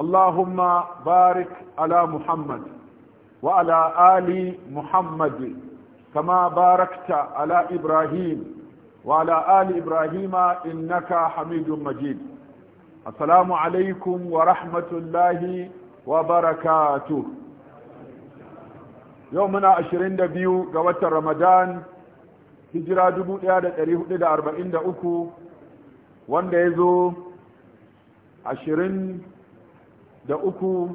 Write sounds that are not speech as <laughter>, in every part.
اللهم بارك على محمد وعلى آل محمد كما باركت على إبراهيم وعلى آل إبراهيم إنك حميد مجيد السلام عليكم ورحمة الله وبركاته يومنا عشرين دبيو قوات رمضان هجرة دبو إيادة تريه إلى أربعين دا أكو وان ديزو عشرين da uku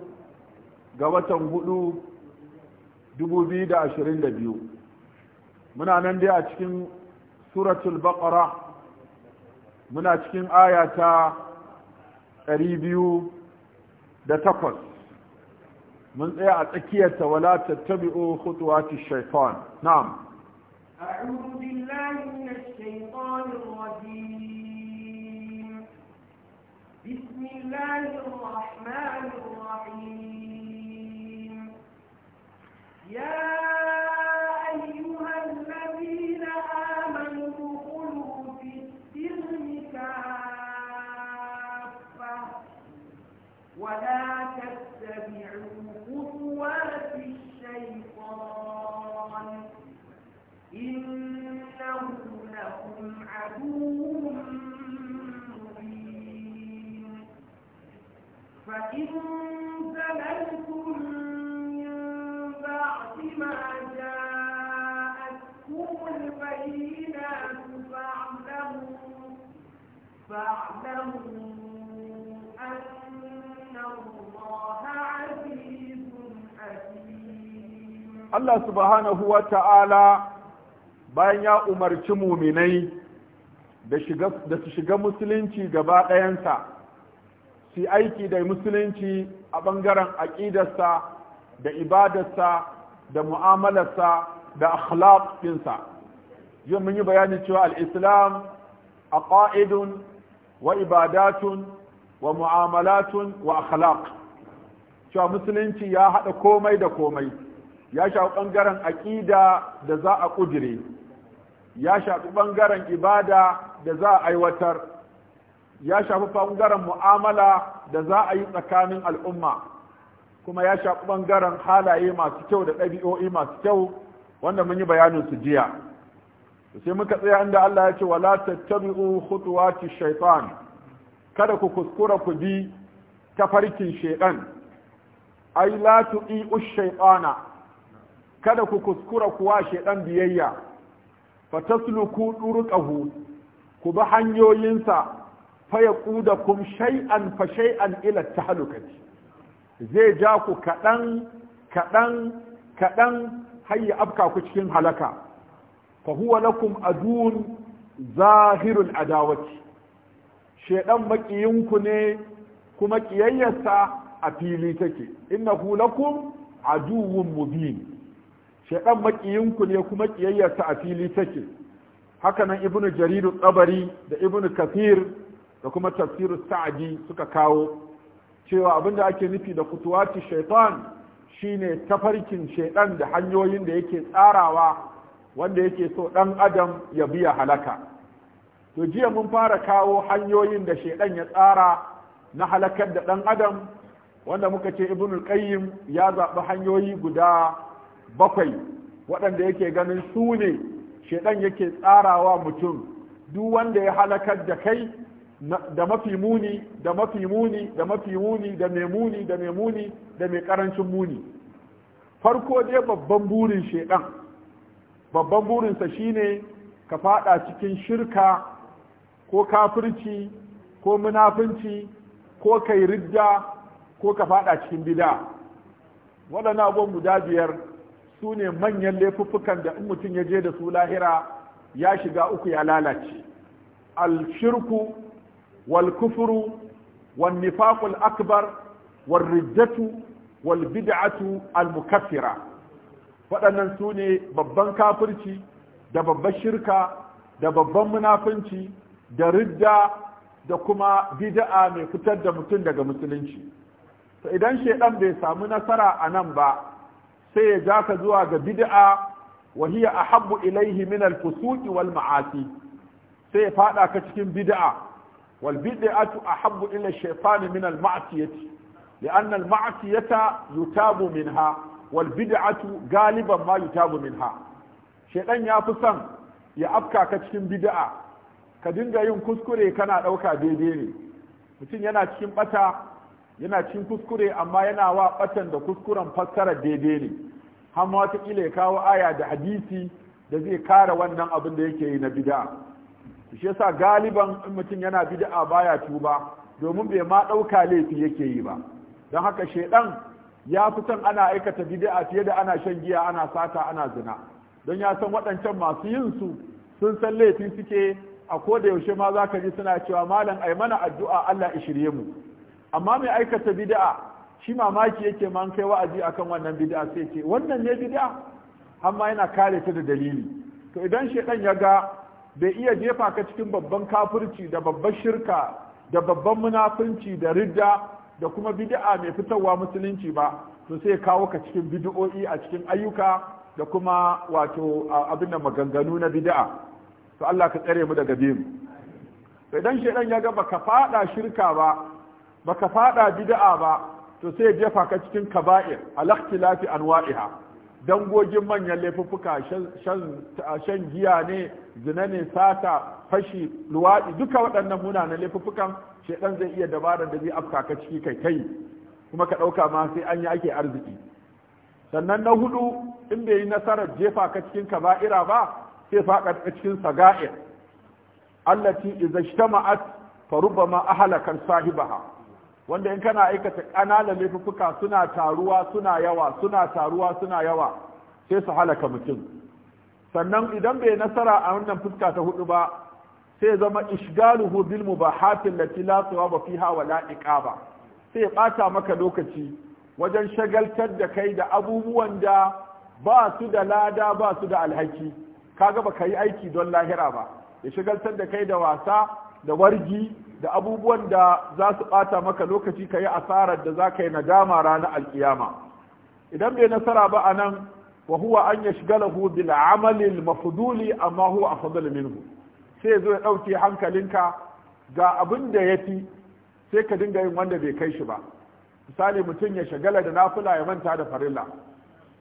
ga watan hudu 2022 muna nan dai a cikin suratul baqara muna cikin aya ta takwas. mun tsaya a tsakiyarta wala tattabi'u khutuwati shaitan na'am أعوذ بالله من الشيطان الرجيم بسم الله الرحمن ما عن Allah subhanahu wa ta'ala bayan ya umarci muminai da su shiga musulunci gaba ɗayansa su aiki da musulunci a ɓangaren aƙidarsa da ibadarsa da mu'amalarsa da akhlaqinsa yau mun yi bayani cewa al'islam a ƙa'idun wa ibadatun wa mu'amalatun wa akhlaq cewa musulunci ya haɗa komai da komai ya shafi ɓangaren aƙida da za a ƙudire ya shafi ɓangaren ibada da za a aiwatar ya shafi ɓangaren mu'amala da za a yi tsakanin al'umma kuma ya shafi ɓangaren halaye masu kyau da ɗabi'o'i masu kyau wanda mun yi bayanin su jiya sai muka tsaya inda Allah ya ce wala tattabi'u khutuwati shaitan kada ku kuskura ku bi tafarkin shaitan ai la tu'i shaytana kada ku kuskura kuwa shedan biyayya fa tasluku durqahu ku bi hanyoyinsa fa kum shay'an fa shay'an ila tahlukati zai ja ku kadan kadan kadan har ya afka ku cikin halaka fa huwa lakum adun zahirul adawati shedan makiyinku ne kuma kiyayyarsa a fili take innahu lakum aduwwun mubin shaidan makiyinku ne kuma ƙiyayyarta a fili take hakanan ibnu jaridu tsabari da ibnu kafir da kuma tafsiru sa'adi suka kawo cewa abinda ake nufi da kutuwaci shaitan shine tafarkin shaiɗan da hanyoyin da yake tsarawa wanda yake so ɗan adam ya biya halaka to jiya mun fara kawo hanyoyin da shaiɗan ya tsara na halakar da ɗan adam wanda muka ce ibnu qayyim ya zaɓi hanyoyi guda bakwai waɗanda yake ganin su ne shaidan yake tsarawa mutum duk wanda ya halakar da kai da mafi muni da mafi muni da mafi muni da mai muni da mai muni da mai karancin muni farko dai babban burin shaidan babban burinsa shine ka fada cikin shirka ko kafirci ko munafunci ko kai ridda ko ka fada cikin bid'a waɗannan abubuwan guda biyar su ne manyan laifuffukan da in mutum ya je da su lahira ya shiga uku ya lalace alshirku wal kufuru wal nifaqul akbar wal riddatu wal bid'atu al mukaffira waɗannan su ne babban kafirci da babban shirka da babban munafunci da ridda da kuma bid'a mai fitar da mutum daga musulunci to idan shaidan bai samu nasara a nan ba sai ya ja ka zuwa ga bid'a wa hiya ahabbu ilaihi min al-fusuqi wal ma'asi sai ya faɗa ka cikin bid'a wal bid'atu ahabbu ila shaytan min al ma'siyati لأن المعصية يتاب منها والبدعة غالبا ما يتاب منها شيطان ya fi son ya afka ka cikin bid'a ka dinga yin kuskure kana ɗauka daidai mutum yana cikin ɓata yana cin kuskure amma yana wa batan da kuskuren fassara daidai ne har ma wataƙila ya kawo aya da hadisi da zai kare wannan abin da yake yi na bid'a shi yasa galiban in mutum yana bid'a baya tuba domin bai ma ɗauka laifi yake yi ba don haka shaidan ya fi son ana aikata bid'a fiye da ana shan giya ana sata ana zina don ya san waɗancan masu yin su sun san laifi suke a koda yaushe ma za ka ji suna cewa malam ai mana addu'a Allah ya shirye mu amma mai aikata bid'a shi mamaki yake man kai wa'azi akan wannan bid'a sai ce wannan ne bid'a amma yana kare ta da dalili to idan shedan ya ga bai iya jefa ka cikin babban kafirci da babban shirka da babban munafunci da ridda da kuma bid'a mai fitarwa musulunci ba to sai kawo ka cikin bid'o'i a cikin ayyuka da kuma wato abin da maganganu na bid'a to Allah ka tsare mu daga biyu idan shedan ya ga baka fada shirka ba baka fada bid'a ba to sai jefa ka cikin kaba'ir al-ikhtilafi anwa'iha dangogin manyan laifuffuka shan giya ne zina ne sata fashi luwaɗi duka waɗannan munanan laifuffukan shaidan zai iya dabara da zai afka ka ciki kai kai kuma ka ɗauka ma sai an yi ake arziki sannan na hudu in bai yi nasarar jefa ka cikin kaba'ira ba sai faɗa ka cikin saga'ir allati idza ijtama'at fa rubbama sahibaha wanda in kana aikata ƙananan laifuffuka suna taruwa suna yawa suna taruwa suna yawa sai su halaka mutum sannan idan bai nasara a wannan fuska ta hudu ba sai zama ishgaluhu bil mubahatin lati la thawaba fiha wa la iqaba sai ya bata maka lokaci wajen shagaltar da kai da abubuwan da ba su da lada ba su da alhaki kaga baka yi aiki don lahira ba ya shagaltar da kai da wasa da wargi da abubuwan da za su ɓata maka lokaci ka yi asarar da za ka yi nadama ranar alkiyama idan bai nasara ba a nan wa huwa an ya lahu bil amalil mafuduli amma huwa afdal minhu sai zo ya ɗauke hankalinka ga abin da ya fi sai ka dinga yin wanda bai kai shi ba misali mutum ya shagala da nafula ya manta da farilla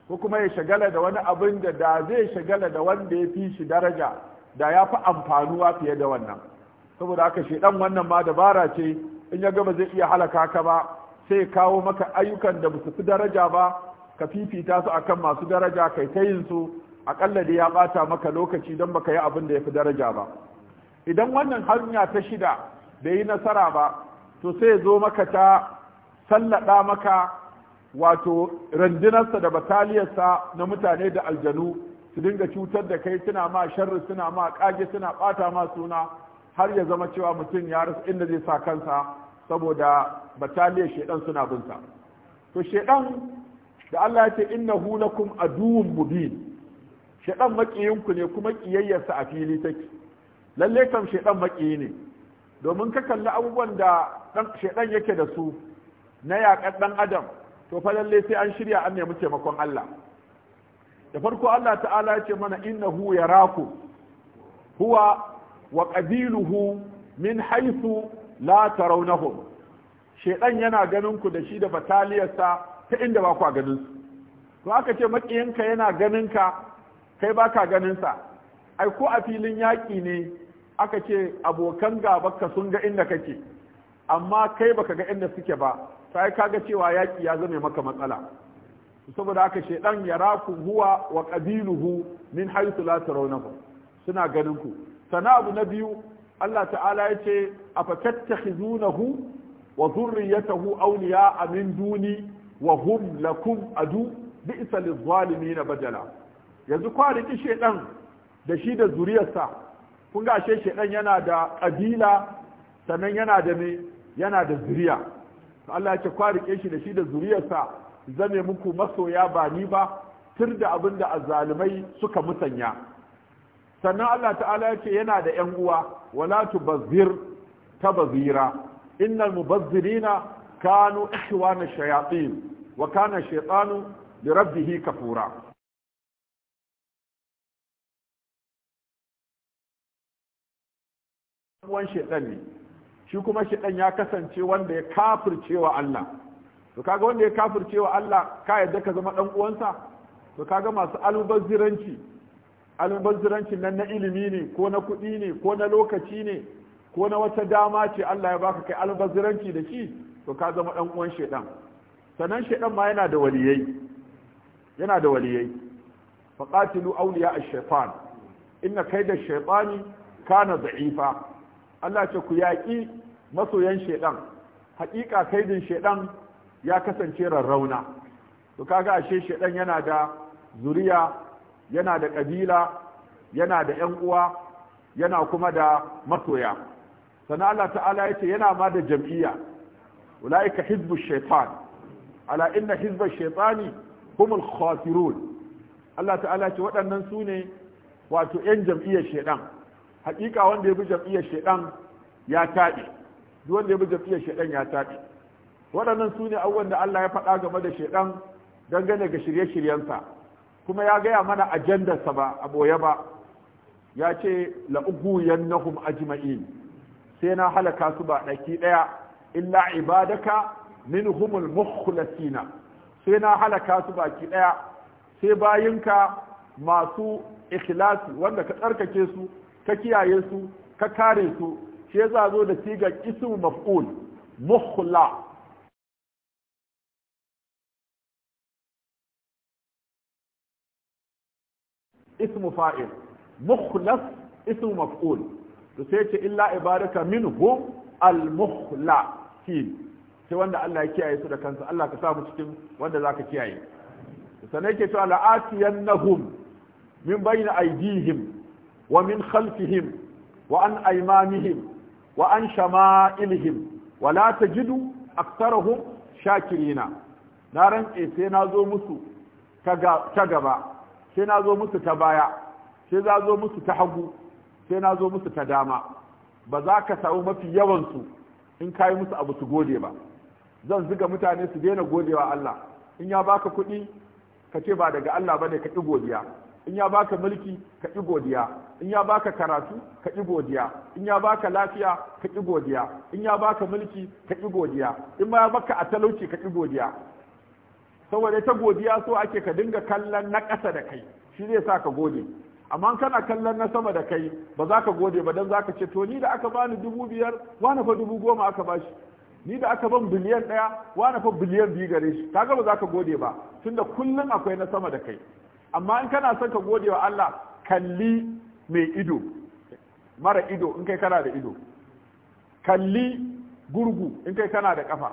ko kuma ya shagala da wani abin da da zai shagala da wanda ya fi shi daraja da ya fi amfanuwa fiye da wannan saboda haka shedan wannan ma dabara ce in ya gama zai iya halaka ka ba sai kawo maka ayyukan da ba su fi daraja ba ka fifita su akan masu daraja kai ta yin su akalla da ya bata maka lokaci don baka yi abin da ya fi daraja ba idan wannan hanya ta shida bai yi nasara ba to sai zo maka ta sallada maka wato randunarsa da bataliyarsa na mutane da aljanu su dinga cutar da kai suna ma sharri suna ma kage suna bata ma suna har ya zama cewa mutum ya rasa inda zai sa kansa saboda bataliyar shaidan suna binsa to shaidan da Allah ya ce innahu lakum aduwwun mubin shaidan makiyinku ne kuma kiyayyarsa a fili take lalle kam shaidan makiyi ne domin ka kalli abubuwan da shaidan yake da su na yaƙar ɗan adam to fa lalle sai an shirya an nemi taimakon Allah da farko Allah ta'ala ya ce mana innahu raku huwa wa qabiluhu min haythu la tarawnahum shedan yana ganin ku da shi da bataliyarsa ta inda ba ku ganin su to aka ce makiyinka yana ganin ka kai ba ka ganin sa ko a filin yaƙi ne aka ce abokan gabanka sun ga inda kake amma kai baka ga inda suke ba sai kaga cewa yaƙi ya zama maka matsala saboda haka shedan yaraku huwa wa qabiluhu min haythu la tarawnahu suna ganin ku sana abu na biyu Allah ta'ala ya ce a hu, wa zurriyatahu a min duni wa hum lakum adu zalimi na badala yanzu kwari ki shedan da shi da zuriyarsa kun ga ashe shedan yana da kabila sannan yana da me yana da zuriya Allah ya ce kwari ki shi da shi da zuriyarsa zame muku masoya ba ni ba tir da abin da azzalumai suka musanya sannan Allah ta'ala ya ce yana da ‘yan uwa wala ta bazira innal mubazzirina kanu ihwana shayatin wa kana shaytanu bi rabbihi kafura wan shaytan ne shi kuma shaytan ya kasance wanda ya kafircewa Allah to kaga wanda ya kafircewa Allah ka yadda ka zama dan uwansa to kaga masu almubazziranci almubazzirancin nan na ilimi ne ko na kuɗi ne ko na lokaci ne ko na wata dama ce Allah ya baka kai almubazziranci da shi to ka zama ɗan uwan shaɗan sannan shaidan ma yana da waliyai yana da waliyai faqatilu awliya ash-shaytan inna kayda ash-shaytani kana za'ifa. Allah ce ku yaƙi masoyan shaidan. haƙiƙa kaidin shedan ya kasance rarrauna to kaga ashe shaɗan yana da zuriya yana da ƙabila yana da ‘yan uwa yana kuma da matoya. sannan Allah ta'ala ya ce yana ma da jam'iyya ula'ika hizbu shaitan ala inna hizba shaitani humul khasirun Allah ta'ala ce waɗannan su ne wato ‘yan jam'iyyar shaitan hakika wanda ya bi jam'iyyar shaitan ya taɓe duk wanda ya bi jam'iyyar shaitan ya taɓe waɗannan su ne abubuwan da Allah ya faɗa game da shaitan dangane ga shirye-shiryensa kuma ya gaya mana ajandarsa ba a ɓoye ba ya ce la'uguyan nahum ajma'in sai na halaka su ba ɗaki ɗaya illa ibadaka minhumul mukhlasina sai na halaka su baki ɗaya sai bayinka masu ikhlasi wanda ka tsarkake su ka kiyaye su ka kare su sai yasa zo da sigar ismu maf'ul mukhla ismu fa'il mukhlas ismu maf'ul to ce illa ibadaka minhum al-mukhlasin sai wanda Allah ya kiyaye su da kansa Allah ka sa mu cikin wanda zaka kiyaye sanai ke cewa la'atiyannahum min bayna aydihim wa min khalfihim wa an aymanihim wa an shama'ilihim wa la tajidu aktharahum shakirina na rantse sai na zo musu ta gaba sai na zo musu ta baya sai za zo musu ta hagu sai na zo musu ta dama ba za ka samu mafi yawansu in kayi musu abu su gode ba zan ziga mutane su daina godewa Allah in ya baka kuɗi ka ce ba daga Allah ba ne ka ƙi godiya in ya baka mulki ka ƙi godiya in ya baka karatu ka ƙi godiya in ya baka lafiya ka ƙi godiya in ya baka mulki ka ƙi godiya in ma ya baka a talauci ka ƙi godiya saboda ta godiya so ake ka dinga kallon na ƙasa da kai shi zai sa ka gode amma kana kallon na sama da kai ba za ka gode ba don za ka ce to ni da aka bani dubu biyar wani fa dubu goma aka ba shi. ni da aka ban biliyan ɗaya wani fa biliyan biyu gare shi kaga ba za ka gode ba tunda kullum akwai na sama da kai amma in kana son ka gode wa Allah kalli mai ido mara ido in kai kana da ido kalli gurgu in kai kana da kafa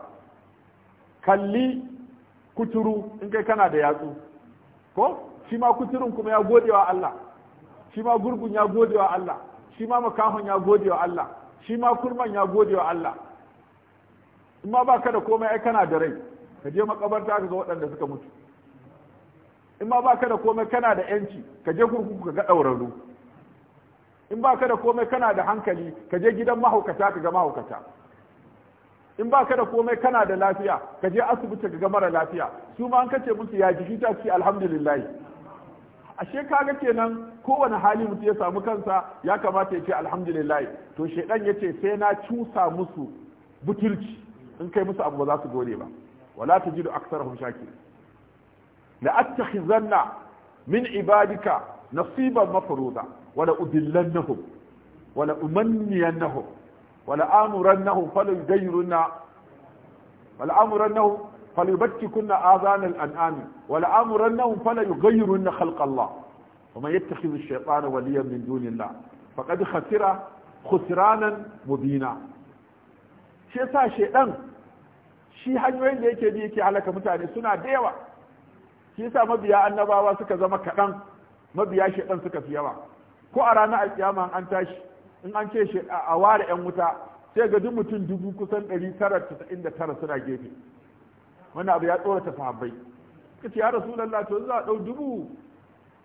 kalli kuturu in kai kana da yatsu ko shi ma kuturun kuma ya gode wa Allah shi ma gurgun ya gode wa Allah shi ma makahon ya gode wa Allah shi ma kurman ya gode wa Allah in ma baka da komai ai kana da rai ka je makabarta ka ga waɗanda suka mutu in ma baka da komai kana da yanci ka je kurkuku ka ga ɗaurarru in baka da komai kana da hankali ka je gidan mahaukata ka ga mahaukata in ba ka da komai kana da lafiya ka je asibiti ka ga mara lafiya su ma an kace musu ya jiki ta ce alhamdulillah ashe kaga kenan kowane hali mutum ya samu kansa ya kamata ya ce alhamdulillah to shedan ce sai na cusa musu butulci in kai musu abu ba za su gode ba wala tajidu aktsarahum shakir la attakhizanna min ibadika nasiban mafruza wala udillannahum wala umanniyannahum wala amurannahu falyughayyirunna wala amurannahu falyubtikunna azan al-an'am wala amurannahu ومن يتخذ الشيطان وليا من دون الله فقد خسر خسرانا مبينا shi yasa shedan shi hanyoyin da yake bi yake halaka mutane suna da yawa shi yasa mabiya annabawa suka zama kaɗan mabiya shedan suka fi yawa ko a ranar alkiyama an tashi in an ce a ware 'yan wuta sai ga duk mutum dubu kusan 999 suna gefe wani abu ya tsorata sahabbai ka ce ya rasulallah to za a ɗau dubu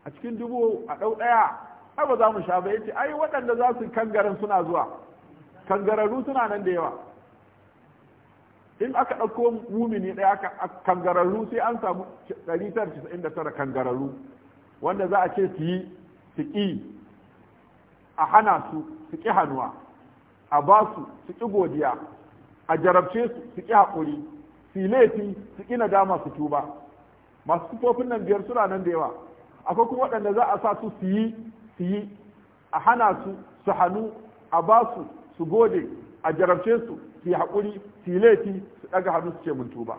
a cikin dubu a ɗau ɗaya ai ba za mu sha ba yace ai waɗanda za su kangaren suna zuwa kangararru suna nan da yawa in aka ɗauko mumini ɗaya aka kangararru sai an samu 999 kangararru wanda za a ce su yi su ƙi a hana su su ƙi hannuwa a ba su su ƙi godiya a jarabce su su ƙi haƙuri su laifi su ƙi nadama su tuba masu kufofin nan biyar suna nan da yawa akwai kuma waɗanda za a sa su su yi su yi a hana su su hannu a ba su su gode a jarabce su su yi haƙuri su laifi su ɗaga hannu su ce mun tuba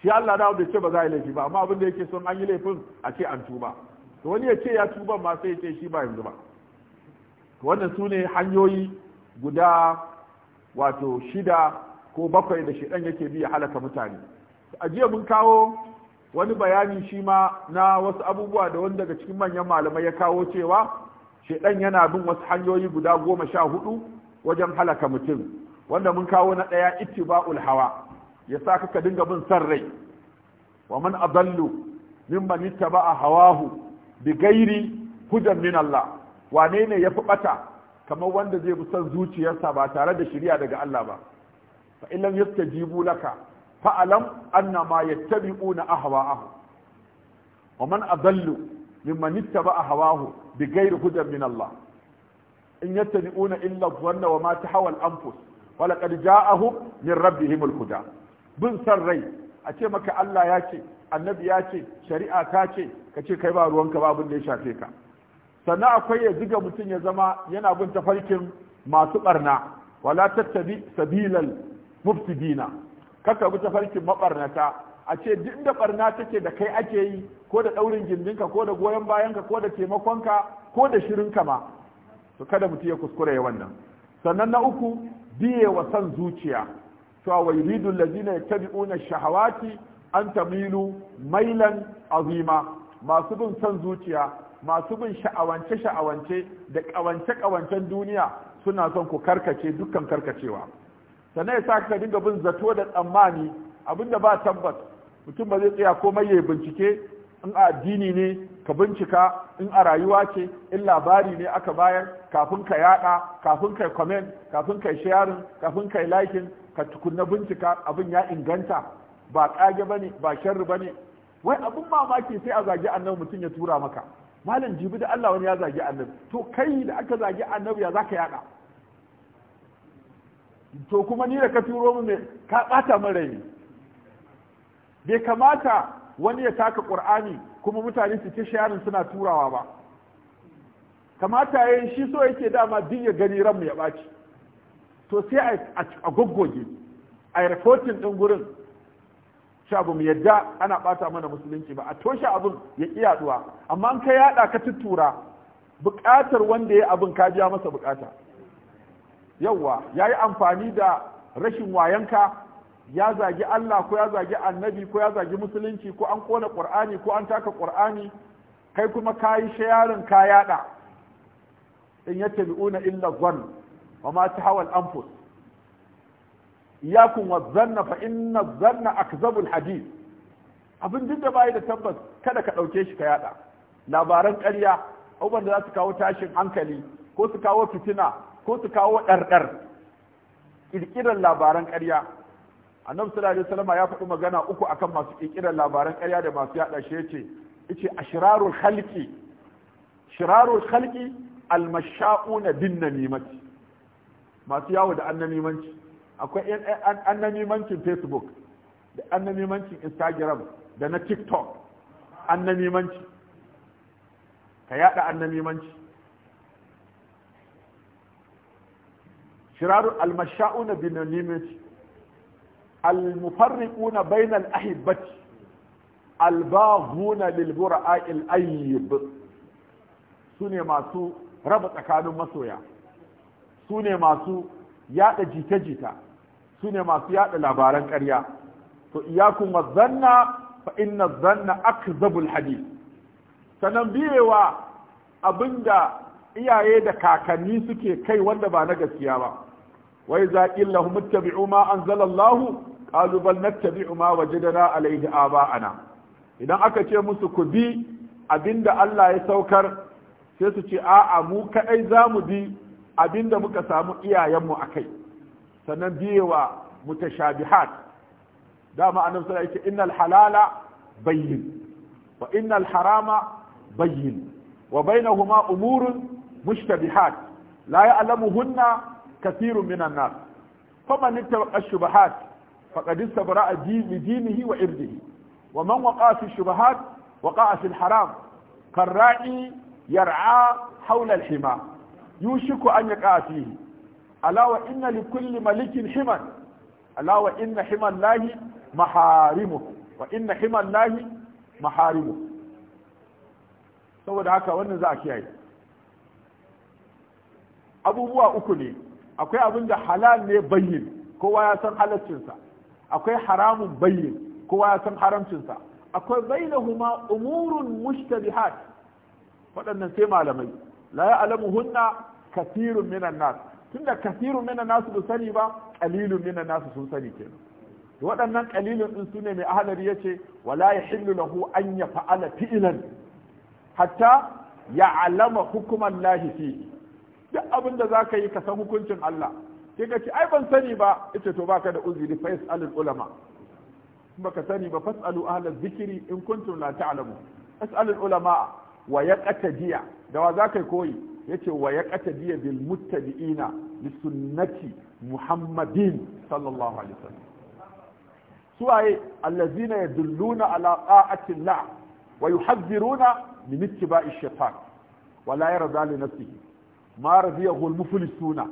shi Allah da bai ce ba za a yi laifi ba amma abin da yake son an yi laifin a ce an tuba to wani ya ce ya tuba ma sai ya ce shi ba yanzu ba wannan su ne hanyoyi guda wato shida ko bakwai da shidan yake bi halaka mutane a jiya mun kawo wani bayani shi ma na wasu abubuwa da wani daga cikin manyan malamai ya kawo cewa shidan yana bin wasu hanyoyi guda goma sha hudu wajen halaka mutum wanda mun kawo na ɗaya ittiba'ul hawa ya sa kaka dinga bin san rai wa man adallu mimman ittaba'a hawahu bi hudan min Allah wane ne ya fi bata kamar wanda zai bi son zuciyarsa ba tare da shirya daga Allah ba fa illam yastajibu laka fa alam anna ma yattabi'una ahwa'ahum wa man adallu mimman ittaba'a hawahu bighairi hudan min Allah in yattabi'una illa dhanna wa ma tahawal anfus wa laqad ja'ahum min rabbihim al-huda bin san rai a ce maka Allah ya ce annabi ya ce shari'a ta ce ka ce kai ba ruwanka ka abin da ya shafe ka sannan akwai ya ga mutum ya zama yana bin tafarkin masu barna wala tattabi sabilal mufsidina kaka bi tafarkin mabarnata a ce duk da barna take da kai ake yi ko da daurin gindinka ko da goyon bayanka ko da taimakonka ko da shirinka ma to kada mutum ya kuskure ya wannan sannan na uku biye wa san zuciya to wa yuridu allazina yattabi'una shahawati an tamilu mailan azima masu bin san zuciya masu bin sha'awance sha'awance da ƙawance kawancen duniya suna son ku karkace dukkan karkacewa sannan ya sa ka dinga bin zato da tsammani abinda ba tabbas mutum ba zai tsaya komai ya bincike in a addini ne ka bincika in a rayuwa ce in labari ne aka bayar kafin ka yada kafin kai comment kafin kai sharing kafin kai liking ka tukunna bincika abin ya inganta ba kage bane ba sharri bane wai abin mamaki sai a zagi annabi mutum ya tura maka malam jibi da Allah wani ya zagi annabi to kai da aka zagi annabi ya zaka yada to kuma ni da ka turo mu ka bata mara bai kamata wani ya taka qur'ani kuma mutane su ce shayarin suna turawa ba kamata yayin shi so yake dama din ya gani ranmu ya baci to sai a goggoge a reporting din gurin sha ba mu yadda ana bata mana musulunci ba a toshe abin ya ƙi yaduwa amma an ka yada ka tuttura bukatar wanda ya abin ka biya masa bukata yawwa ya yi amfani da rashin wayanka ya zagi Allah ko ya zagi annabi ko ya zagi musulunci ko an kona ƙur'ani ko an taka ƙur'ani kai kuma ka yi shayarin ka yada in yattabi'una illa zan wa ma tahawal anfus iyakun wa zanna fa inna zanna akzabul hadith abin duk da bai da tabbas kada ka dauke shi ka yada labaran ƙarya abubuwan da za su kawo tashin hankali ko su kawo fitina ko su kawo ɗarɗar ƙirƙirar labaran ƙarya annabi sallallahu alaihi wasallam ya faɗi magana uku akan masu ƙirƙirar labaran ƙarya da masu yada shi yace yace ashrarul khalqi shirarul khalqi almasha'una bin namimati masu yawo da annamimanci akwai annamimancin facebook da annamimancin instagram da na tiktok annamimanci ka yada annamimanci shirarun almasha'una binanimaci المفرقون بين الأحبة الباغون للبراء الأيب سوني ماسو ربط أكانو مسويا سوني masu يا jita-jita. su ne masu yada labaran ƙarya to iya kuma wazanna fa inna zanna akzabul hadi. sanan biyewa abinda iyaye da kakanni suke kai wanda ba na gaskiya ba wai za illahum ittabi'u ma anzalallahu qalu bal nattabi'u ma wajadna alayhi aba'ana idan aka ce musu ku bi abinda Allah ya saukar sai su ce a'a mu kadai zamu bi abinda muka samu iyayenmu akai sannan biyewa mutashabihat dama annabi sallallahu alaihi wasallam innal halala bayyin wa innal harama bayyin wa bainahuma umurun mushtabihat la ya'lamuhunna kathirun minan nas faman ittaqa ash-shubahat faqad istabra'a dinihi wa irdihi wa man waqa'a fi ash-shubahat waqa'a fi al-haram كالراعي يرعى حول الحمى يوشك أن يقع فيه alawa inna li kulli malikin himan alawa inna himan lahi maharimu wa inna himan lahi maharimu saboda haka wannan za a kiyaye abubuwa uku ne akwai abin da halal ne bayyin kowa ya san halaccinsa akwai haramun bayyin kowa ya san haramcinsa akwai bainahuma umurun mushtabihat waɗannan sai malamai la ya'lamuhunna kathirun minan nasu. tunda kasirun na nasu da sani ba qalilun minan nasu sun sani kenan waɗannan qalilun din sune mai ya yace wala yahillu lahu an yaf'ala fi'lan hatta alama hukuman lahi fi duk abin da zaka yi ka san hukuncin Allah sai ka ce ai ban sani ba ita to baka da uzuri fa yas'alul ulama baka sani ba fas'alu ahlaz zikri in kuntum la ta'lamu as'alul ulama wa jiya? da wa zaka koyi yace wa ya kata biya bil muttabi'ina li sunnati muhammadin sallallahu alaihi wasallam suwaye allazina yadulluna ala qa'ati allah wa yuhadhiruna min ittiba'i shaytan wa la yarda li nafsihi ma radiyahu al muflisuna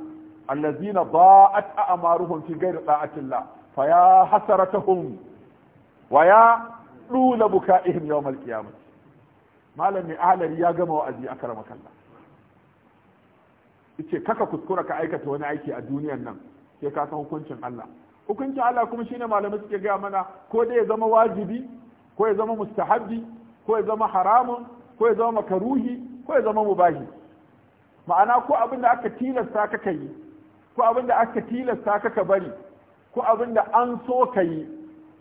allazina da'at a'maruhum fi ghayri qa'ati fa ya hasaratuhum wa ya dula buka'ihim yawm al qiyamah malami ahlari ya gama wa'azi akramaka allah yace kaka kuskura ka aikata wani aiki a duniyar nan sai ka san hukuncin Allah hukuncin Allah kuma shine malamai suke gaya mana ko dai ya zama wajibi ko ya zama mustahabbi ko ya zama haramun ko ya zama makaruhi ko ya zama mubahi ma'ana ko abin da aka tilasta ka yi ko abin da aka tilasta ka ka bari ko abin da an so ka yi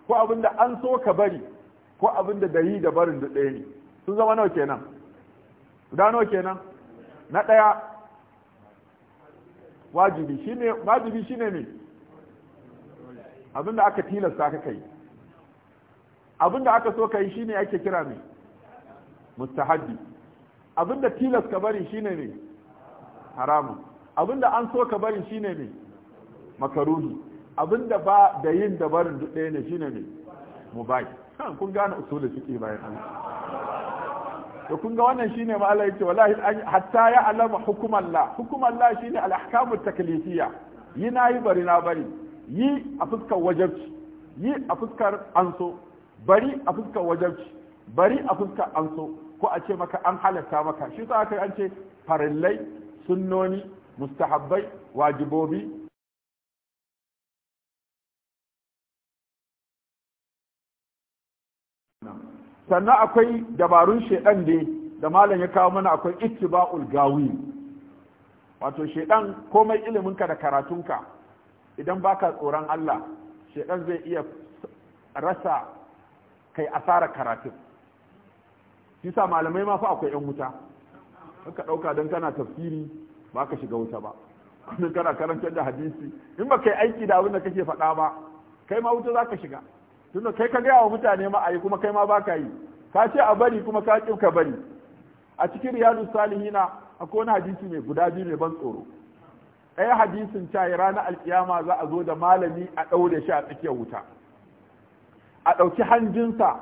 ko abin da an so ka bari ko abin da dari da barin da ɗaya ne sun zama nawa kenan guda nawa kenan na ɗaya wajibi shine wajibi shine ne abinda aka tilasta ka kai abinda aka so kai shine ake kira me mustahabbi abinda tilasta ka bari shine ne haramun abinda an so ka bari shine ne makaruhi abinda ba da yin da duk ɗaya ne shine ne mubai kun gane usulul fiqh bayan Allah to kun ga wannan shine ma Allah yake wallahi hatta ya alama hukumallah hukumallah shine al-ahkamu taklifiyya yi na yi bari na bari yi a fuskar wajabci yi a fuskar anso bari a fuskar wajabci bari a fuskar anso ko a ce maka an halatta maka shi sa aka an ce farillai sunnoni mustahabbai wajibobi sannan akwai dabarun shaidan ne da malam ya kawo mana akwai ittiba'ul gawi wato shaidan komai iliminka da karatunka idan baka tsoron Allah shaidan zai iya rasa kai asara karatun sa malamai ma fa akwai yan wuta ka dauka dan kana tafsiri ba ka shiga wuta ba kana karantar da hadisi in ba kai aiki da abin da kake faɗa ba kai ma wuta za ka shiga tunda kai ka gaya wa mutane ma a yi kuma kai ma baka yi ka ce a bari kuma ka ƙi ka bari a cikin riyadu salihina akwai wani hadisi mai guda biyu mai ban tsoro ɗaya hadisin yi ranar alkiyama za a zo da malami a ɗaure shi a tsakiyar wuta a ɗauki hanjinsa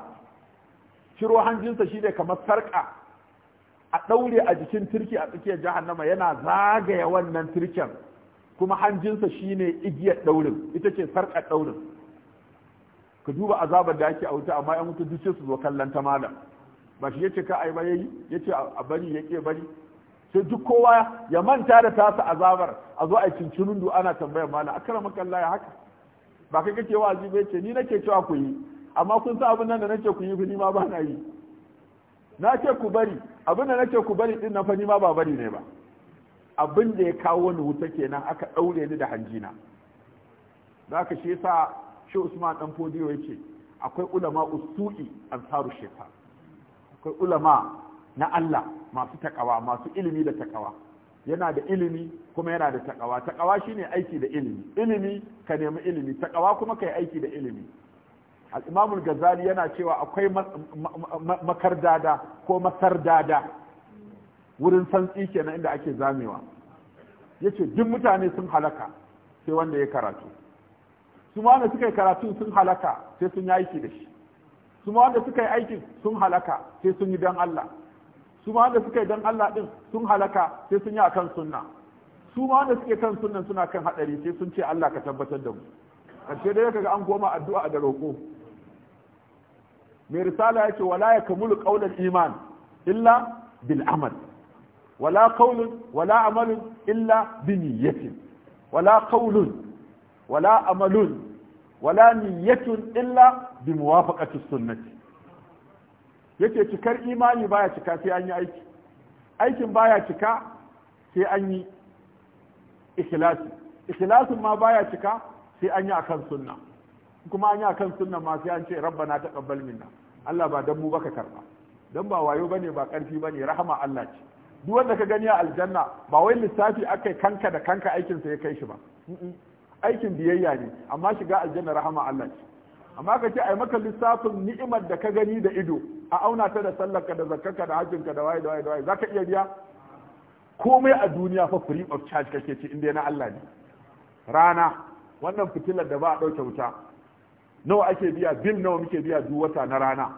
ciro hanjinsa shi ne kamar sarƙa a ɗaure a jikin turki a tsakiyar jahannama yana zagaya wannan turken kuma hanjinsa shi ne igiyar ɗaurin ita ce sarƙar ɗaurin ka duba azabar da ake a wuta amma yan wuta duk su zo kallon ta malam ba shi yace ka ai ba yayi yace a bari yake bari sai duk kowa ya manta da tasa azabar a zo a cincinin du ana tambayar malam akramaka Allah ya haka ba kai kake wa azibai ce ni nake cewa ku yi amma kun san abin nan da nake ku yi ni ma ba na yi na ce ku bari abin da nake ku bari din nan fa ni ma ba bari ne ba abin da ya kawo ni wuta kenan aka daure ni da hanjina zaka shi yasa shi usman dan fodiyo yake akwai ulama usu'i ansaru shefa akwai ulama na Allah masu takawa masu ilimi da takawa yana da ilimi kuma yana da takawa takawa shine aiki da ilimi ilimi ka nemi ilimi takawa kuma kai aiki da ilimi al-imam al-ghazali yana cewa akwai makardada ko masardada wurin santsi kenan inda ake zamewa yace duk mutane sun halaka sai wanda ya karatu su ma wanda suka yi karatun sun halaka sai sun yi aiki da shi su ma wanda suka yi aikin sun halaka sai sun yi dan Allah su ma wanda suka yi dan Allah din sun halaka sai sun yi akan sunna su ma wanda suke kan sunnan suna kan hadari sai sun ce Allah ka tabbatar da mu karshe dai kaga an goma addu'a da roƙo mai risala yake wala yakmulu qaulul iman illa bil amal wala qaulun wala amalun illa bi niyyatin wala qaulun wala amalun wala niyyatun illa bi muwafaqati sunnati yake cikar imani baya cika sai an yi aiki aikin baya cika sai an yi ikhlasi ikhlasin ma baya cika sai an yi akan sunna kuma an yi akan sunna ma sai an ce rabbana taqabbal minna Allah ba dan mu baka karba dan ba wayo bane ba karfi bane rahama Allah ce duk wanda ka gani a aljanna ba wai lissafi akai kanka da kanka aikin sa ya kai shi ba aikin biyayya ne amma shiga aljanna rahama Allah ce amma ka ce ai maka lissafin ni'imar da ka gani da ido a auna ta da sallarka da zakkarka da hajjinka da waye da waye da waye zaka iya biya komai a duniya fa free of charge kake ci inda na Allah ne rana wannan fitilar da ba a ɗauke wuta nawa ake biya bil nawa muke biya duk wata na rana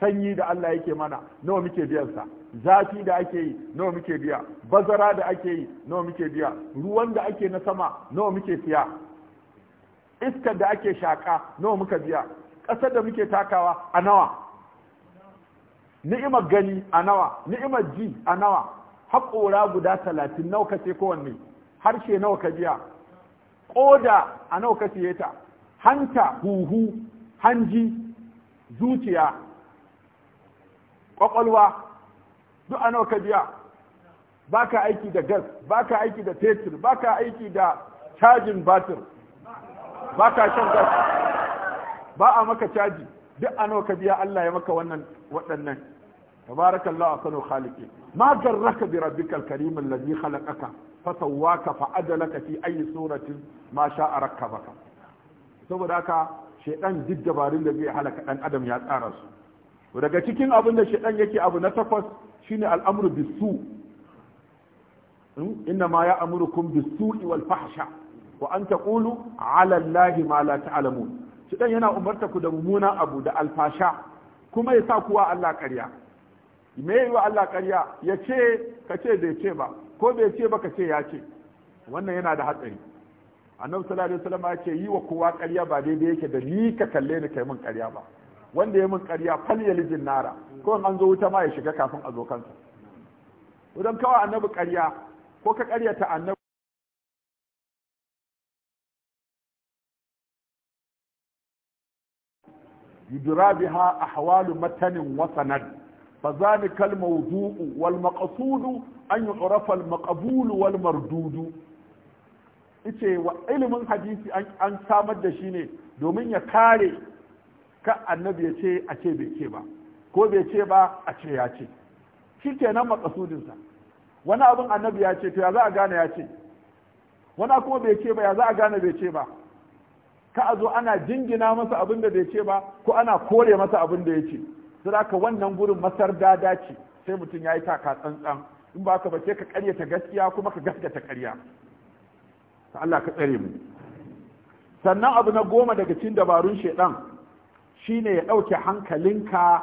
sanyi da Allah yake mana nawa muke biyan sa zafi da ake yi nawa muke biya bazara da ake yi nawa muke biya ruwan da ake na sama nawa muke siya iskar da ake shaka nawa muka biya ƙasar da muke takawa a nawa ni'imar gani a nawa ni'imar ji a nawa haƙora guda talatin nawa kace kowanne harshe nawa ka biya ƙoda a nawa ka siye ta hanta huhu hanji zuciya ƙwaƙwalwa duk a ka biya baka aiki da gas baka aiki da fetur baka aiki da cajin batir baka shan gas ba a maka caji duk a ka biya Allah ya maka wannan waɗannan tabarakallahu akanu khaliqi ma garraka bi rabbikal karim allazi ka fasawaka fa'adalaka fi ayi suratin ma sha'a rakkabaka saboda haka shedan duk dabarun da zai halaka ɗan adam ya tsara su daga cikin abin da shaɗan yake abu na takwas shine al'amru bisu hmm? inna ma kun bisu wal fahsha wa an taqulu 'ala allahi ma la yana umarta ku da mummunan abu da alfasha kuma ya sa kuwa Allah ƙarya me yi wa Allah ƙarya ya ce ka ce bai ce ba ko bai ce ba ka ce ya ce wannan yana da hatsari annabi sallallahu alaihi wasallam ya ce yi wa kowa ƙarya ba daidai yake da ni ka kalle ni kai min ƙarya ba wanda ya min ƙarya fal yalijin nara ko an zo wuta ma ya shiga kafin a zo kansa idan kawai annabi ƙarya ko ka ta annabi yudra biha ahwalu matanin wa sanad فذلك an yu'rafa al يعرف wal mardudu ice wa ilimin hadisi an samar da shi ne domin ya kare ka annabi ya ce a ce bai ce ba ko bai ce ba a ce ya ce shi ke nan makasudinsa wani abin annabi ya ce to ya za a gane ya ce wani kuma bai ce ba ya za a gane bai ce ba ka a zo ana jingina masa abin da bai ce ba ko ana kore masa abin da ya ce saboda wannan gurin masar dada ce sai mutum ya yi taka tsantsan in ba ka bace ka karyata gaskiya kuma ka gaskata karya Allah ka tsare mu sannan abu na goma daga cikin dabarun shedan shine ya ɗauke hankalinka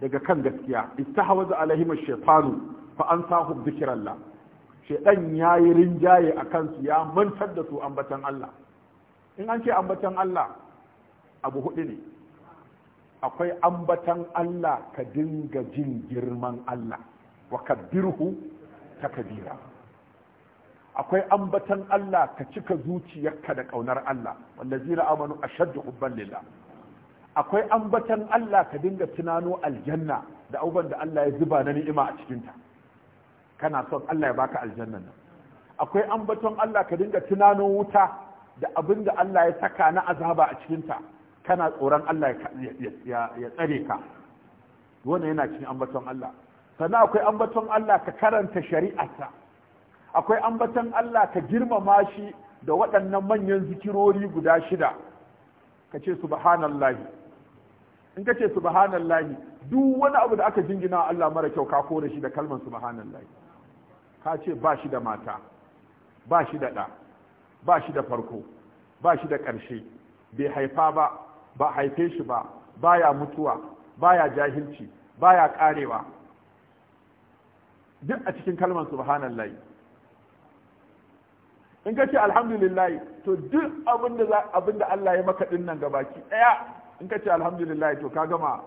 daga kan gaskiya istahawaza alaihim ash-shaytanu fa ansahu dhikrallah shedan yayi rinjaye akan su ya mantar da su ambatan Allah in an ce ambatan Allah abu hudu ne akwai ambatan Allah ka dinga jin girman Allah wa kabbirhu takbira akwai ambatan Allah ka cika zuciyarka da kaunar Allah wallazina amanu ashaddu hubban lillah akwai ambaton Allah ka dinga tunano aljanna da abubuwan da Allah ya zuba na ni'ima a cikinta kana son Allah ya baka aljannan nan akwai ambaton Allah ka dinga tunano wuta da abin da Allah ya saka na azaba a cikinta kana tsoron Allah ya tsare ka wannan yana cikin ambaton Allah sannan akwai ambaton Allah ka karanta shari'arsa akwai ambaton Allah ka girmama shi da waɗannan manyan zikirori guda shida ka ce subhanallahi in ka ce subhanallahi duk wani abu da aka jingina Allah mara kyau ka kore shi da kalmar subhanallahi ka ce ba shi da mata ba shi da ɗa ba shi da farko ba shi da ƙarshe bai haifa ba ba haife shi ba baya mutuwa baya jahilci baya karewa duk a cikin kalmar subhanallahi in ka ce alhamdulillah to duk abinda abinda Allah ya maka dinnan gabaki ɗaya. in ka ce alhamdulillah to ka gama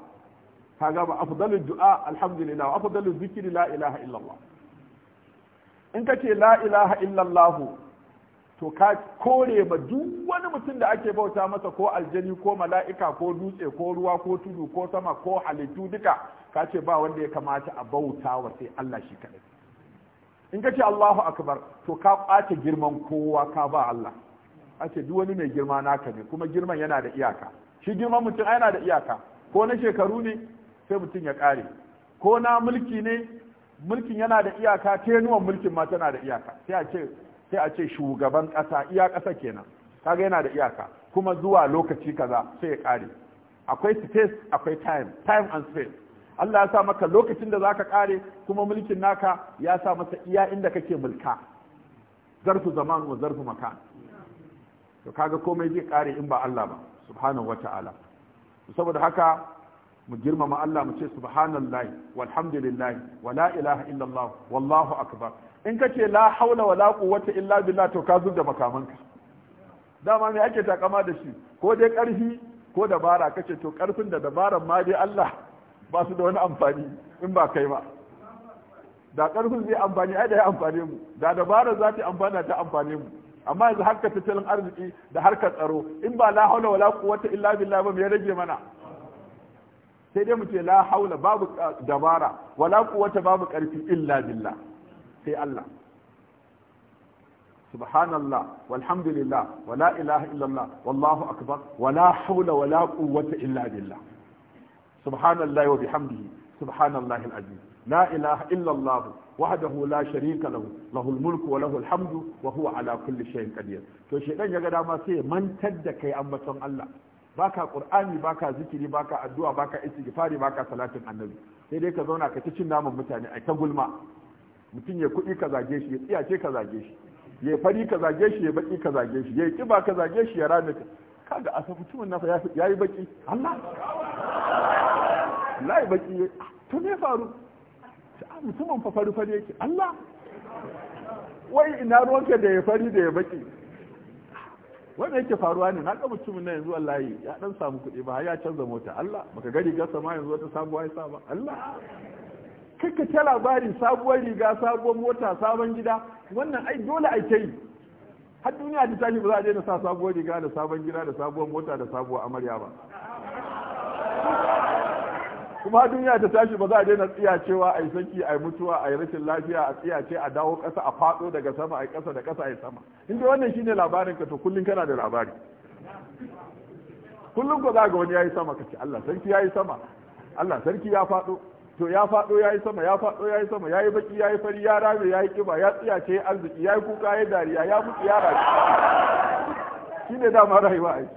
ka gama afdalul du'a alhamdulillah afdalul zikri la ilaha illallah in ka ce la ilaha illallah to ka kore ba duk wani mutum da ake bauta masa ko aljani ko mala'ika ko dutse ko ruwa ko tudu ko sama ko halittu duka ka ce ba wanda ya kamata a bauta wa sai Allah shi kaɗai in ka ce Allahu akbar to ka ɓace girman kowa ka ba Allah a ce duk wani mai girma naka ne kuma girman yana da iyaka shi girman mutum yana da iyaka ko na shekaru ne sai mutum ya ƙare ko na mulki ne mulkin yana da iyaka tenuwan mulkin ma tana da iyaka sai a ce shugaban ƙasa iya ƙasa kenan kaga yana da iyaka kuma zuwa lokaci kaza sai ya ƙare akwai space akwai time time and space Allah ya sa maka lokacin da zaka ƙare kuma mulkin naka ya sa masa iya inda kake mulka zarfu zaman wa zarfu makan to kaga komai zai ƙare in ba Allah ba subhanahu wa ta'ala. saboda haka mu girmama Allah mu ce subhanallahi walhamdulillahi wala ilaha illallah wallahu akbar in ka ce la haula wala quwwata illa billah to ka zubda makamanka dama me ake takama da shi ko dai karfi ko dabara kace to karfin da dabaran ma dai Allah <laughs> ba su da wani amfani in ba kai ba da karfin zai amfani ai da ya amfane mu da dabara za ta amfana ta amfane mu amma yanzu harkar tattalin arziki da harkar tsaro in ba la haula wala quwwata illa billah ba me rage mana sai dai mu ce la haula babu ah, dabara wala quwwata babu karfi illa billah sai Allah subhanallah walhamdulillah wala ilaha illallah wallahu akbar wala haula wala quwwata illa billah subhanallah wa bihamdihi subhanallahi alazim لا إله إلا الله وحده لا شريك له له الملك وله الحمد وهو على كل شيء قدير to shedan dama sai mantar da kai ambaton Allah baka qur'ani baka zikiri baka addu'a baka istighfari baka salatin annabi sai dai ka zauna ka ci cin naman mutane ai ta gulma mutum ya kuɗi ka zage shi ya tsiyace ka zage shi ya fari ka zage shi ya baki ka zage shi ya kiba ka zage shi ya rame ka kaga a mutumin nafa yi baki Allah lai baki to me faru mutumin fa fari fari yake Allah wai ina ruwanka da ya fari da ya baki wanda yake faruwa ne na ga mutumin na yanzu wallahi ya dan samu kuɗi ba ya canza mota Allah baka gari gasa ma yanzu wata sabuwa ya saba Allah kaka ta labarin sabuwar riga sabuwar mota sabon gida wannan ai dole ai kai har duniya ta tashi ba za a daina sa sabuwar riga da sabon gida da sabuwar mota da sabuwar amarya ba kuma duniya ta tashi ba za a daina tsiya cewa a yi sanki a yi mutuwa a yi rashin lafiya a tsiya ce a dawo ƙasa a faɗo daga sama a yi ƙasa da ƙasa a yi sama inda wannan shine labarin ka to kullum kana da labari kullum ko za ga wani ya yi sama kace Allah sarki ya yi sama Allah sarki ya faɗo to ya faɗo ya yi sama ya faɗo ya yi sama ya yi baki ya yi fari ya rame ya yi ƙiba ya tsiya ce ya arziki ya yi kuka ya yi dariya ya mutu ya rayu shine dama rayuwa aiki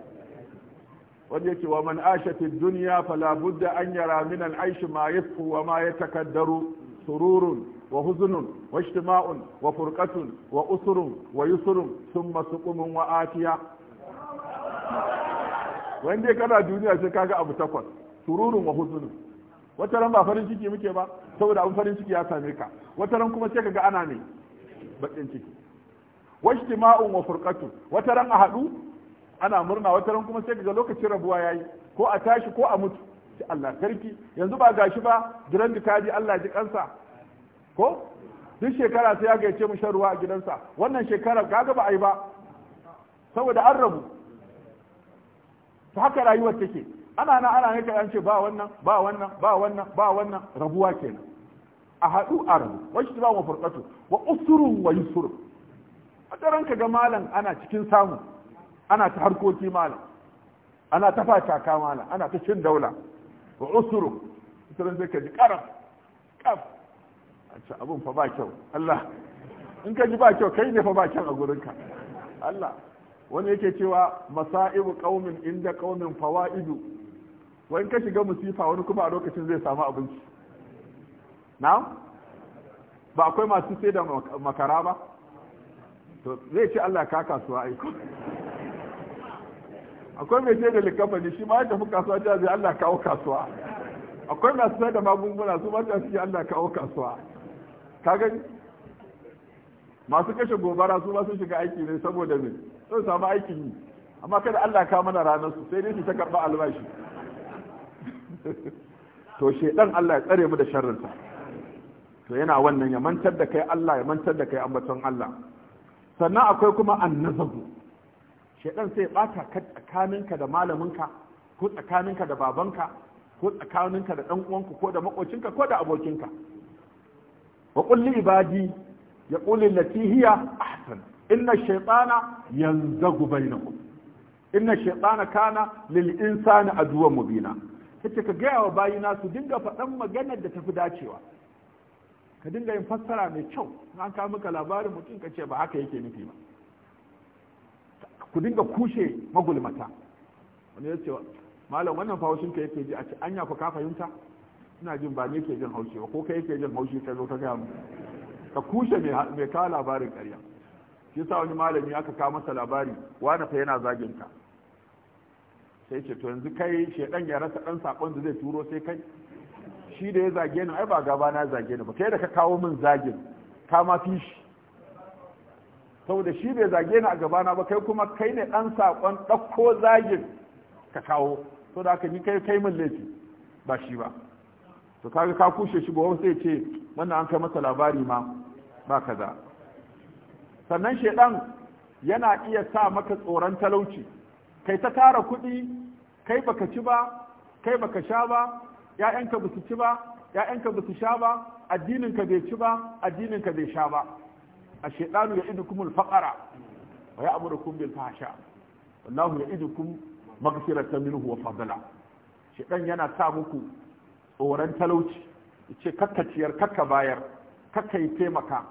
wanda yake wa man asha dunya fala budda an yara min al aish ma yafu wa ma yatakaddaru sururun wa huzunun wa ijtima'un wa furqatun wa usrun wa yusrun thumma suqumun wa atiya wanda kana duniya sai kaga abu takwas sururun wa huzunun wata ran ba farin ciki muke ba saboda abin farin ciki ya same ka wata ran kuma sai kaga ana ne bakin ciki wajtima'un wa furqatun wata ran a hadu ana murna wata ran kuma sai kaga lokacin rabuwa yayi ko a tashi ko a mutu sai Allah sarki yanzu ba gashi ba gidan dikaji Allah ji kansa ko duk shekara sai ya gayyace mu shan ruwa a gidansa wannan shekara kaga ba a yi ba saboda an rabu ta haka rayuwar take ana na ana yake an ce ba wannan ba wannan ba wannan ba wannan rabuwa kenan a haɗu a rabu wacce ba mu furkatu wa usuru wa yusuru a ka ga malam ana cikin samu ana ta harkoki mala ana ta facaka mala ana ta cin daula wa usuru sai sai ka ji karam kaf a ce abun fa ba kyau Allah in ka ji ba kyau kai ne fa ba kyau a gurinka Allah wani yake cewa masa'ibu qaumin inda qaumin fawaidu wani ka shiga musifa wani kuma a lokacin zai samu abinci na ba akwai masu sai da makara ba to zai ce Allah ka kasuwa aiko akwai mai sai da likamani, shi ma ya fi kasuwa ta zai Allah kawo kasuwa akwai masu sai da magunguna su ma ta su Allah kawo kasuwa ka gani masu kashe gobara su ma sun shiga aiki ne saboda me sun samu aikin yi amma kada Allah ka mana ranar su sai dai su ta karɓa albashi <laughs> to dan Allah ya tsare mu da sharrinsa to yana wannan ya mantar da kai Allah ya mantar da kai ambaton Allah sannan akwai kuma annazabu shaidan sai bata ka tsakaninka da malaminka ko tsakaninka da babanka ko tsakaninka da dan uwanku ko da makocinka ko da abokinka wa qul li ibadi yaqulu allati hiya ahsan inna shaytana yanzagu bainakum inna shaytana kana lil insani aduwwan mubina kace ka gaya wa bayina su dinga faɗan maganar da tafi dacewa ka dinga yin fassara mai kyau an ka maka labarin mutum ka ce ba haka yake nufi ba ku dinga kushe magulmata wani ya ce malam wannan ka yake ji a ce anya ku ka fahimta ina jin ba ne ke jin haushi ba ko kai yake jin haushi ka zo ka gaya mu ka kushe mai kawa labarin ƙarya shi sa wani malami aka kawo masa labari wani fa yana zagin ka sai ce to yanzu kai shedan ya rasa dan sakon da zai turo sai kai shi da ya zage ni ai ba gaba na zage ni ba kai da ka kawo min zagin ka ma fi saboda shi bai zage ni a gabana ba kai kuma kai ne ɗan saƙon ɗauko zagin ka kawo to da aka ni kai kai min laifi ba shi ba to kaga ka kushe shi gobe sai ce wannan an kai masa labari ma ba kaza sannan shedan yana iya sa maka tsoron talauci kai ta tara kuɗi kai baka ci ba kai baka sha ba ƴaƴanka ba su ci ba ƴaƴanka ba su sha ba addininka bai ci ba addininka bai sha ba الشيطان يعدكم الفقر ويأمركم بالفحشاء والله يعدكم مغفرة منه وفضلا شيطان yana sa muku tsoron talauci yace kakkaciyar kakka bayar kakka yi taimaka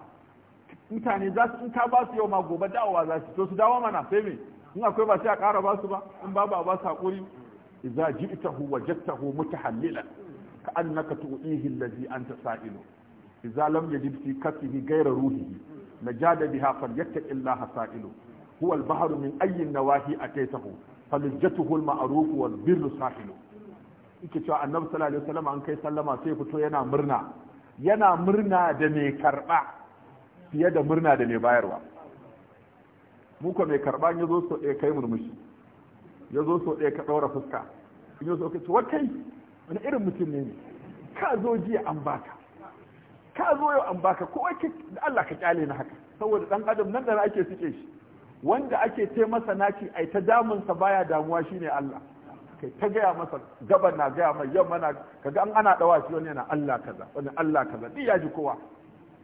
mutane za su in ka ba su yau ma gobe dawowa za su to su dawo mana sai me in akwai ba sai a ƙara ba su ba in babu a ba su haƙuri idza ji'tahu wajadtahu mutahallilan ka'annaka tu'ihi allazi anta sa'ilu idza lam yajid fi kasbihi ghayra ruhihi najada biha falyattaqillaha sa'ilu huwa al-bahru min ayyi nawahi ataytahu falujjatuhu al-ma'ruf wal birru sahilu yake cewa annabi sallallahu alaihi wasallam an kai sallama sai fito yana murna yana murna da mai karba fiye da murna da mai bayarwa mu ko mai karba ya zo so ɗaya kai murmushi ya zo so ɗaya ka ɗaura fuska in ya so kai wani irin mutum ne ka zo jiya an baka ka zo yau an baka ko ake Allah ka kyale na haka saboda dan adam nan da ake suke shi wanda ake ce masa naci ai ta damun sa baya damuwa shine Allah kai ta gaya masa gaban na gaya mai yamma na kaga an ana dawa shi wani yana Allah kaza wani Allah kaza duk ya ji kowa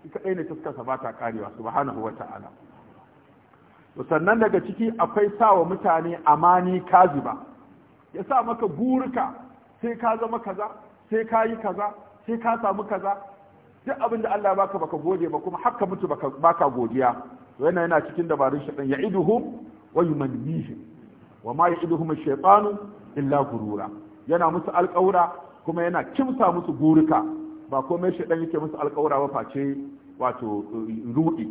ita ɗaya ne fuskarsa ba ta karewa subhanahu wa ta'ala sannan daga ciki akwai sawa mutane amani kaziba ya sa maka burika sai ka zama kaza sai ka yi kaza sai ka samu kaza duk abin da Allah baka baka gode ba kuma haka mutu baka baka godiya wannan yana yana cikin dabarun shaytan ya'iduhum wa yumannihim wa ma ya'iduhum ash-shaytanu illa gurura yana musu alƙaura kuma yana kimsa musu gurika ba komai shaytan yake musu alƙaura ba face wato eh, rudi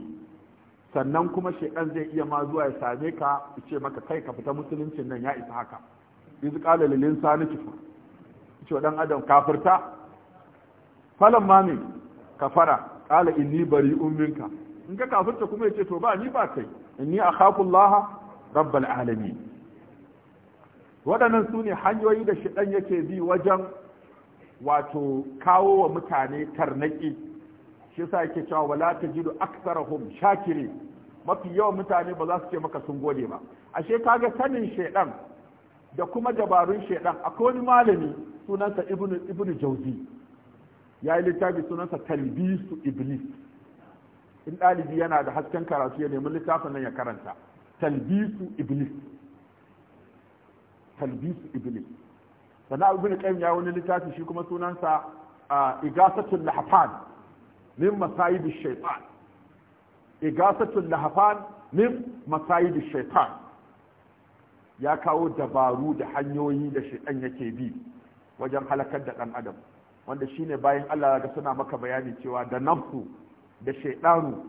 sannan kuma shaytan zai iya ma zuwa ya same ka ya ce maka kai ka fita musuluncin nan ya isa haka yanzu qala lil insani kufur dan adam kafirta falan ma ne kafara qala inni bari'un minka in ka kafirta kuma yace to ba ni ba kai inni akhafu Allah rabbal alamin waɗannan sune ne hanyoyi da shidan yake bi wajen wato kawo wa mutane tarnaki shi yasa yake cewa wala tajidu aktharahum shakiri mafi yawan mutane ba za su ce maka sun gode ba ashe kaga sanin shedan da kuma dabarun shedan akwai wani malami sunansa ibnu ibnu jauzi ya yi littafi sunansa talbisu iblis in ɗalibi yana da hasken karatu ya nemi littafin nan ya karanta talbisu iblis talbisu iblis sannan abin qayyim ya wani littafi shi kuma sunansa igasatun lahafan min da shaitan igasatun lahafan min da shaitan ya kawo dabaru da hanyoyi da shaitan yake bi wajen halakar da ɗan adam wanda shine bayan Allah ga suna maka bayani cewa da nafsu da shaidanu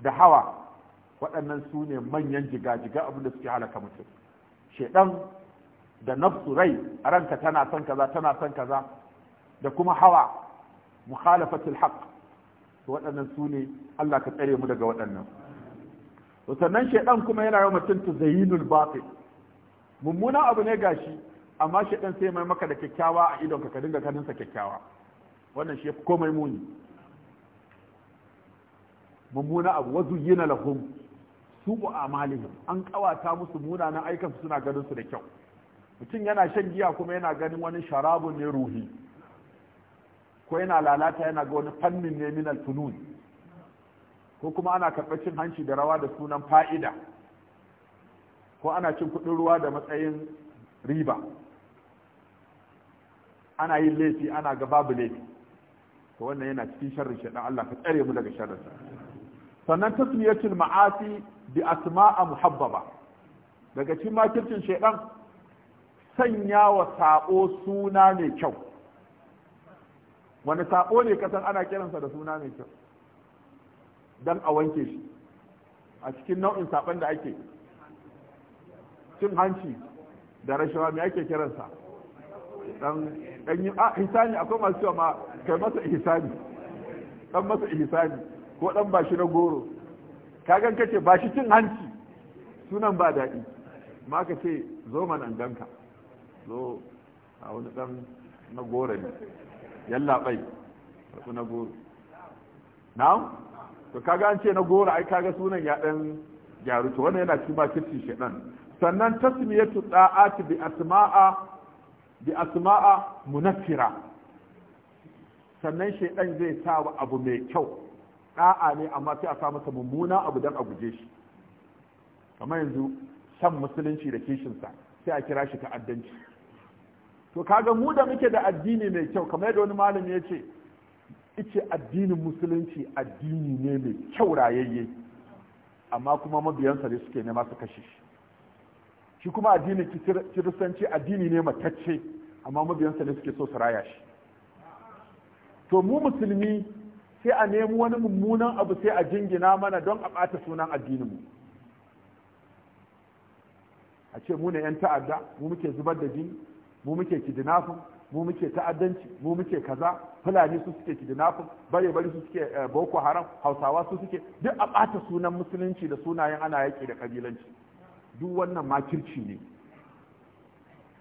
da hawa waɗannan su ne manyan jiga jiga-jiga abinda suke halaka mutum shaidan da nafsu rai a ranka tana son kaza tana son kaza da kuma hawa mukhalafatul haqq waɗannan su ne Allah ka tsare mu daga waɗannan to sannan shaidan kuma yana yawan mutum tuzayinul batil mummuna abu ne gashi amma ɗan sai mai maka da kyakkyawa a idonka ka dinga kaninsa kyakkyawa wannan shi komai muni mummuna abu wazu yina lahum su'u amalihim an kawata musu munanan aikansu suna ganin su da kyau mutum yana shan giya kuma yana ganin wani sharabu ne ruhi ko yana lalata yana ga wani fannin ne minal tunun ko kuma ana karɓar cin hanci da rawa da sunan fa'ida ko ana cin kuɗin ruwa da matsayin riba ana yin laifi ana ga babu laifi to wannan yana cikin sharrin shaidan Allah ka tsare mu daga sharrinsa sannan tasmiyatul ma'asi bi asma'a muhabbaba daga cikin makircin shaidan sanya wa sabo suna mai kyau wani sabo ne kasan ana kiransa da suna mai kyau dan a wanke shi a cikin nau'in saban da ake cin hanci da rashawa me ake kiransa dan dan yi a ihsani akwai masu cewa ma kai masa ihsani dan masa ihsani ko dan bashi na goro Ka gan kace bashi cin hanci sunan ba daɗi ma ka ce zo nan ganka zo a wani dan na goro ne yalla bai na goro na'am to kaga an ce na goro ai kaga sunan ya dan gyaru to wannan yana cikin ba kirci shedan sannan tasmiyatu da'at bi asma'a bi asma'a munaffira sannan shaidan zai sa abu mai kyau da'a ne amma sai a sa masa mummuna abu dan a guje shi kamar yanzu san musulunci da kishinsa sai a kira shi ta'addanci to kaga mu da muke da addini mai kyau kamar yadda wani malami ya ce ice addinin musulunci addini ne mai kyau rayayye amma kuma mabiyansa ne suke nema su kashe shi shi kuma addinin kiristanci addini ne matacce amma mabiyansa ne suke so su raya shi to mu musulmi sai a nemi wani mummunan abu sai a jingina mana don a ɓata sunan addininmu a ce mu ne 'yan ta'adda mu muke zubar da jini mu muke kidinafin mu muke ta'addanci mu muke kaza fulani su suke kidnapping bare bare su suke eh, boko haram hausawa su suke duk a ɓata sunan musulunci da sunayen ana yaƙi da kabilanci duk wannan makirci ne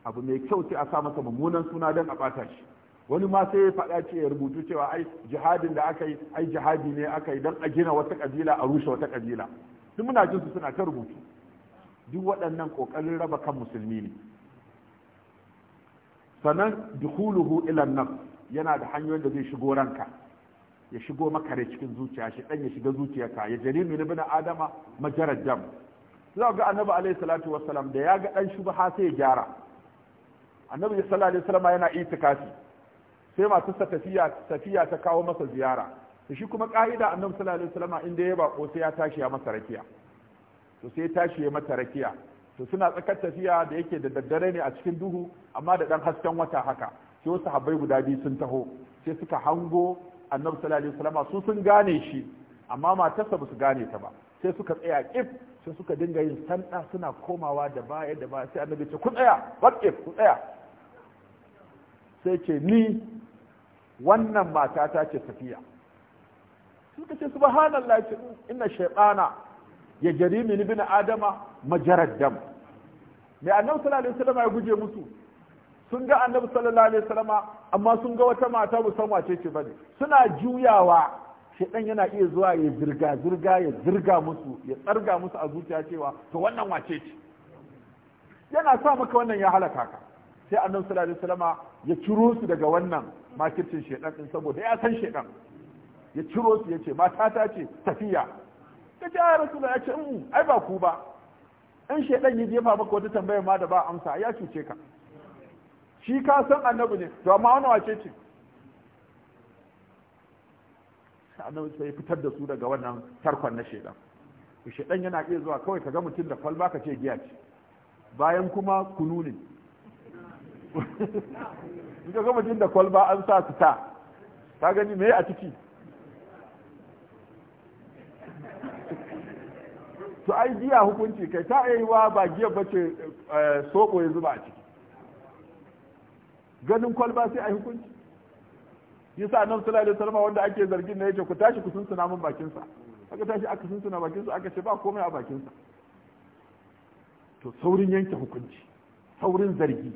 abu mai kyau sai a sa masa mummunan suna don a ɓata shi wani ma sai ya faɗa ce ya rubutu cewa ai jihadin da aka yi ai jihadi ne aka yi don a gina wata ƙabila a rushe wata ƙabila duk muna jinsu suna ta rubutu duk waɗannan ƙoƙarin raba kan musulmi ne sannan dukuluhu ilan nan yana da hanyoyin da zai shigo ranka ya shigo maka cikin zuciya shi ɗan ya shiga zuciyarka ya jarimu bin adama majarar jam za ga annabi alaihi salatu da ya ga dan shubha sai ya gyara annabi sallallahu alaihi wasallam yana itikafi sai masu tafiya tafiya ta kawo masa ziyara to shi kuma ka'ida annabi sallallahu alaihi wasallam inda ya bako sai ya tashi ya masa rakiya to sai ya tashi ya masa rakiya to suna tsakar tafiya da yake da daddare ne a cikin duhu amma da dan hasken wata haka sai wasu habbai guda biyu sun taho sai suka hango annabi sallallahu alaihi wasallam su sun gane shi amma matarsa ba su gane ta ba sai suka tsaya kif sai suka dinga yin sanda suna komawa da baya da baya sai annabi ce ku tsaya wakke ku tsaya sai ce ni wannan mata ta ce safiya ka ce subhanallah ce inna shaytana ya jari min ibn adama majarad dam mai annabi sallallahu alaihi wasallam ya guje musu sun ga annabi sallallahu alaihi wasallam amma sun ga wata mata musamman ce ce bane suna juyawa shedan yana iya zuwa ya zirga zirga ya zirga musu ya tsarga musu a zuciya cewa to wannan wace ce yana sa maka wannan ya halaka ka sai annabi sallallahu alaihi wasallam ya ciro su daga wannan makircin shedan din saboda ya san shedan ya ciro su ya ce mata ta ce tafiya ta ce ya rasu ya ce ah, mm, ai ba ku ba in shaɗan ya jefa maka wata tambayar ma da ba amsa ya cuce ka shi ka san annabi ne to amma wani wace ce sai annabi sai fitar da su daga wannan tarkon na shedan shedan yana iya zuwa kawai kaga mutum da kwalba ka ce giya ce bayan kuma kunu <laughs> in in ga mutum da kwalba an sa su ta ka gani me a ciki <laughs> to ai giya hukunci kai ta wa ba giya bace eh, soko ya zuba a ciki ganin kwalba sai ai hukunci yasa annabi sallallahu alaihi wasallam wanda ake zargin ne yace ku tashi ku sunsuna mun bakin sa aka tashi aka sunsuna bakin sa aka ce ba komai a bakin sa to saurin yanke hukunci saurin zargi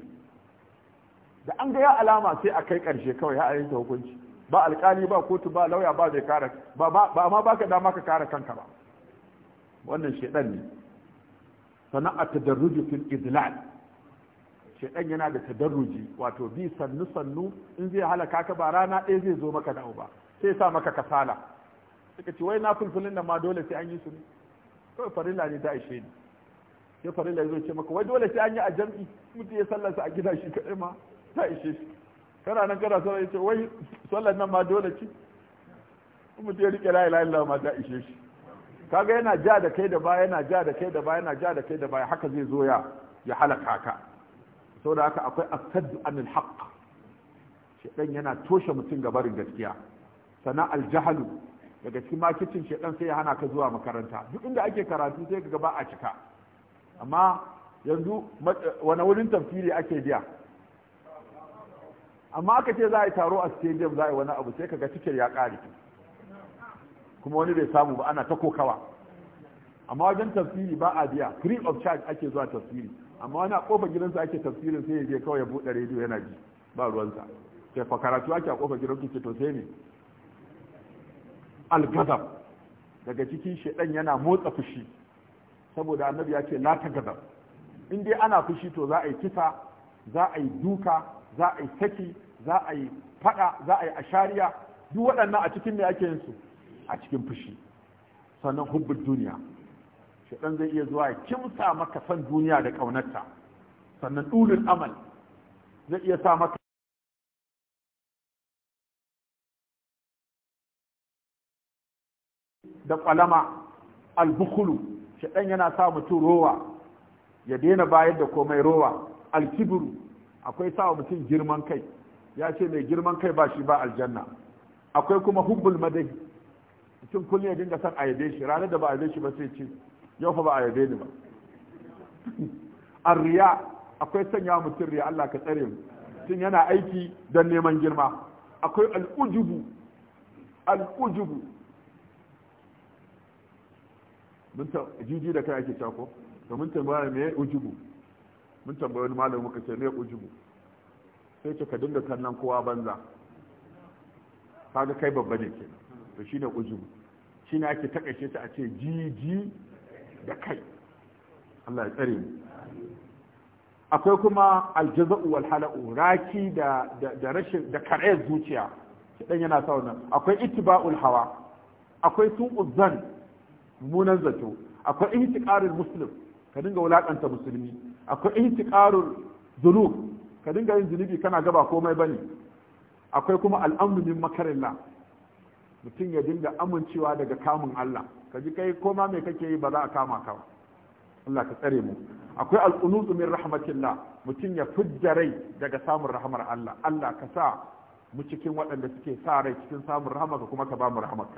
da an ga ya alama sai a kai karshe kawai ya yanke hukunci ba alkali ba kotu ba lauya ba zai kare ba ba ma baka dama ka kare kanka ba wannan shedan ne sana'at tadarruj fil idlal shaidan yana da tadarruji wato bi sannu sannu in zai halaka ka ba rana ɗaya zai zo maka da ba sai sa maka kasala suka ce wai na fulfulin nan ma dole sai an yi su ne kawai farilla ne ta ishe ni sai farilla zai ce maka wai dole sai an yi a jam'i mutum ya sallarsa a gida shi kaɗai ma ta ishe shi kana nan kana sallar ya ce wai sallar nan ma dole ce mutum ya riƙe layi ilaha illallah ma ta ishe shi kaga yana ja da kai da baya yana ja da kai da baya yana ja da kai da baya haka zai zo ya ya halaka ka saboda haka akwai asaddu anin haqq shedan yana toshe mutum ga barin gaskiya sana aljahalu daga cikin makicin shedan sai ya hana ka zuwa makaranta duk inda ake karatu sai ka ba a cika amma yanzu wani wurin tafsiri ake biya amma aka ce za a yi taro a stadium za a yi wani abu sai ka ga cikin ya ƙare kuma wani bai samu ba ana ta kokawa amma wajen tafsiri ba a biya free of charge ake zuwa tafsiri amma wani a kofar gidansa ake tafsirin sai ya je kawai ya buɗe rediyo yana ji ba ruwansa sai fa karatu ake a kofar gidansa ce to sai ne algazab daga cikin shedan yana motsa fushi saboda annabi ya ce lata ta gazab in dai ana fushi to za a yi kisa za a yi duka za a yi saki za a yi fada za a yi ashariya duk waɗannan a cikin ne ake yin su a cikin fushi sannan hubbul duniya dan zai iya zuwa ya kimsa maka san duniya da ƙaunarta sannan ɗulin amal zai iya sa maka da ƙwalama albukulu shaɗan yana sa mutum rowa ya daina bayar da komai rowa alkibiru akwai sa mutum girman kai ya ce mai girman kai ba shi ba aljanna akwai kuma hubbul madahi mutum kullum ya dinga son a yabe shi ranar da ba a yabe shi ba sai ce yau fa ba a yabe ni ba Al-riya akwai sanya mutum riya Allah ka tsare mu tun yana aiki don neman girma akwai al'ujubu al'ujubu mun ta jiji da kai ake cako to mun tambaya me ujubu mun tambaya wani malamin muka ce me ujubu sai ce ka dinga kallon kowa banza kaga kai babba ne kenan to shine ujubu shine ake takaice ta a ce jiji da kai Allah ya tsare mu akwai kuma aljaza'u wal hala'u raki da da rashin da kare zuciya dan yana sa wannan akwai ittiba'ul hawa akwai su'uz zan munan zato akwai ihtiqarul muslim ka dinga wulakanta musulmi akwai ihtiqarul zunub ka dinga yin zunubi kana gaba komai bane akwai kuma al'amru min makarillah mutum ya dinga amincewa daga kamun Allah ka ji kai koma mai kake yi ba za a kama ka Allah ka tsare mu akwai alqunutu min rahmatillah mutum ya fidda rai daga samun rahmar Allah Allah ka sa mu cikin waɗanda suke sa rai cikin samun rahmarka kuma ka ba mu rahmarka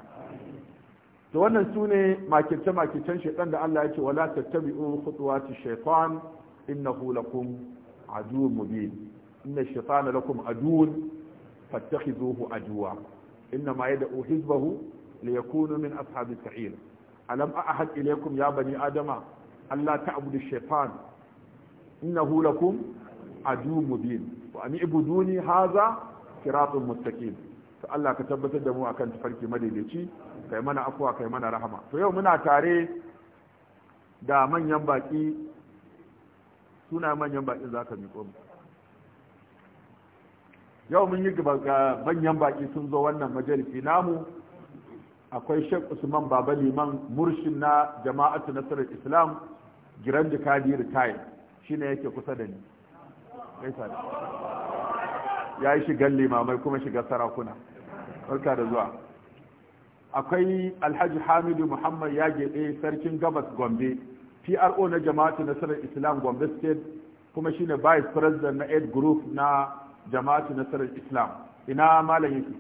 to wannan sune makirce makircen shaitan da Allah ya ce wala tattabi'u khutuwati shaitan innahu lakum aduwwun mubin inna shaitana lakum aduwwun fattakhidhuhu aduwwa inna na maye da o hisbahu da min asabita irin. A lamba'a hakirakum ya bani adama. Allah ta Abdul shafan in na hula kum a wa amin ibu duni haza kira mu taƙin. Allah ka tabbatar da mu akan tafarki tufarki madaidaici kai mana afuwa kai mana rahama. To yau muna tare da manyan baƙi, sunayen manyan baƙi za ka miƙo mu. yau mun yi banyan baki sun zo wannan majalisi namu akwai Sheikh usman baba liman murshin na jama'atu nasarar islam giran jikadi retire shine yake kusa da ni ya yi shigar limamai kuma shigar sarakuna barka da zuwa akwai alhaji hamidu muhammad ya gede eh, sarkin gabas gombe pro na jama'atu nasarar islam gombe state kuma shine vice president na aid group na jama'atu nasarar islam ina malam yake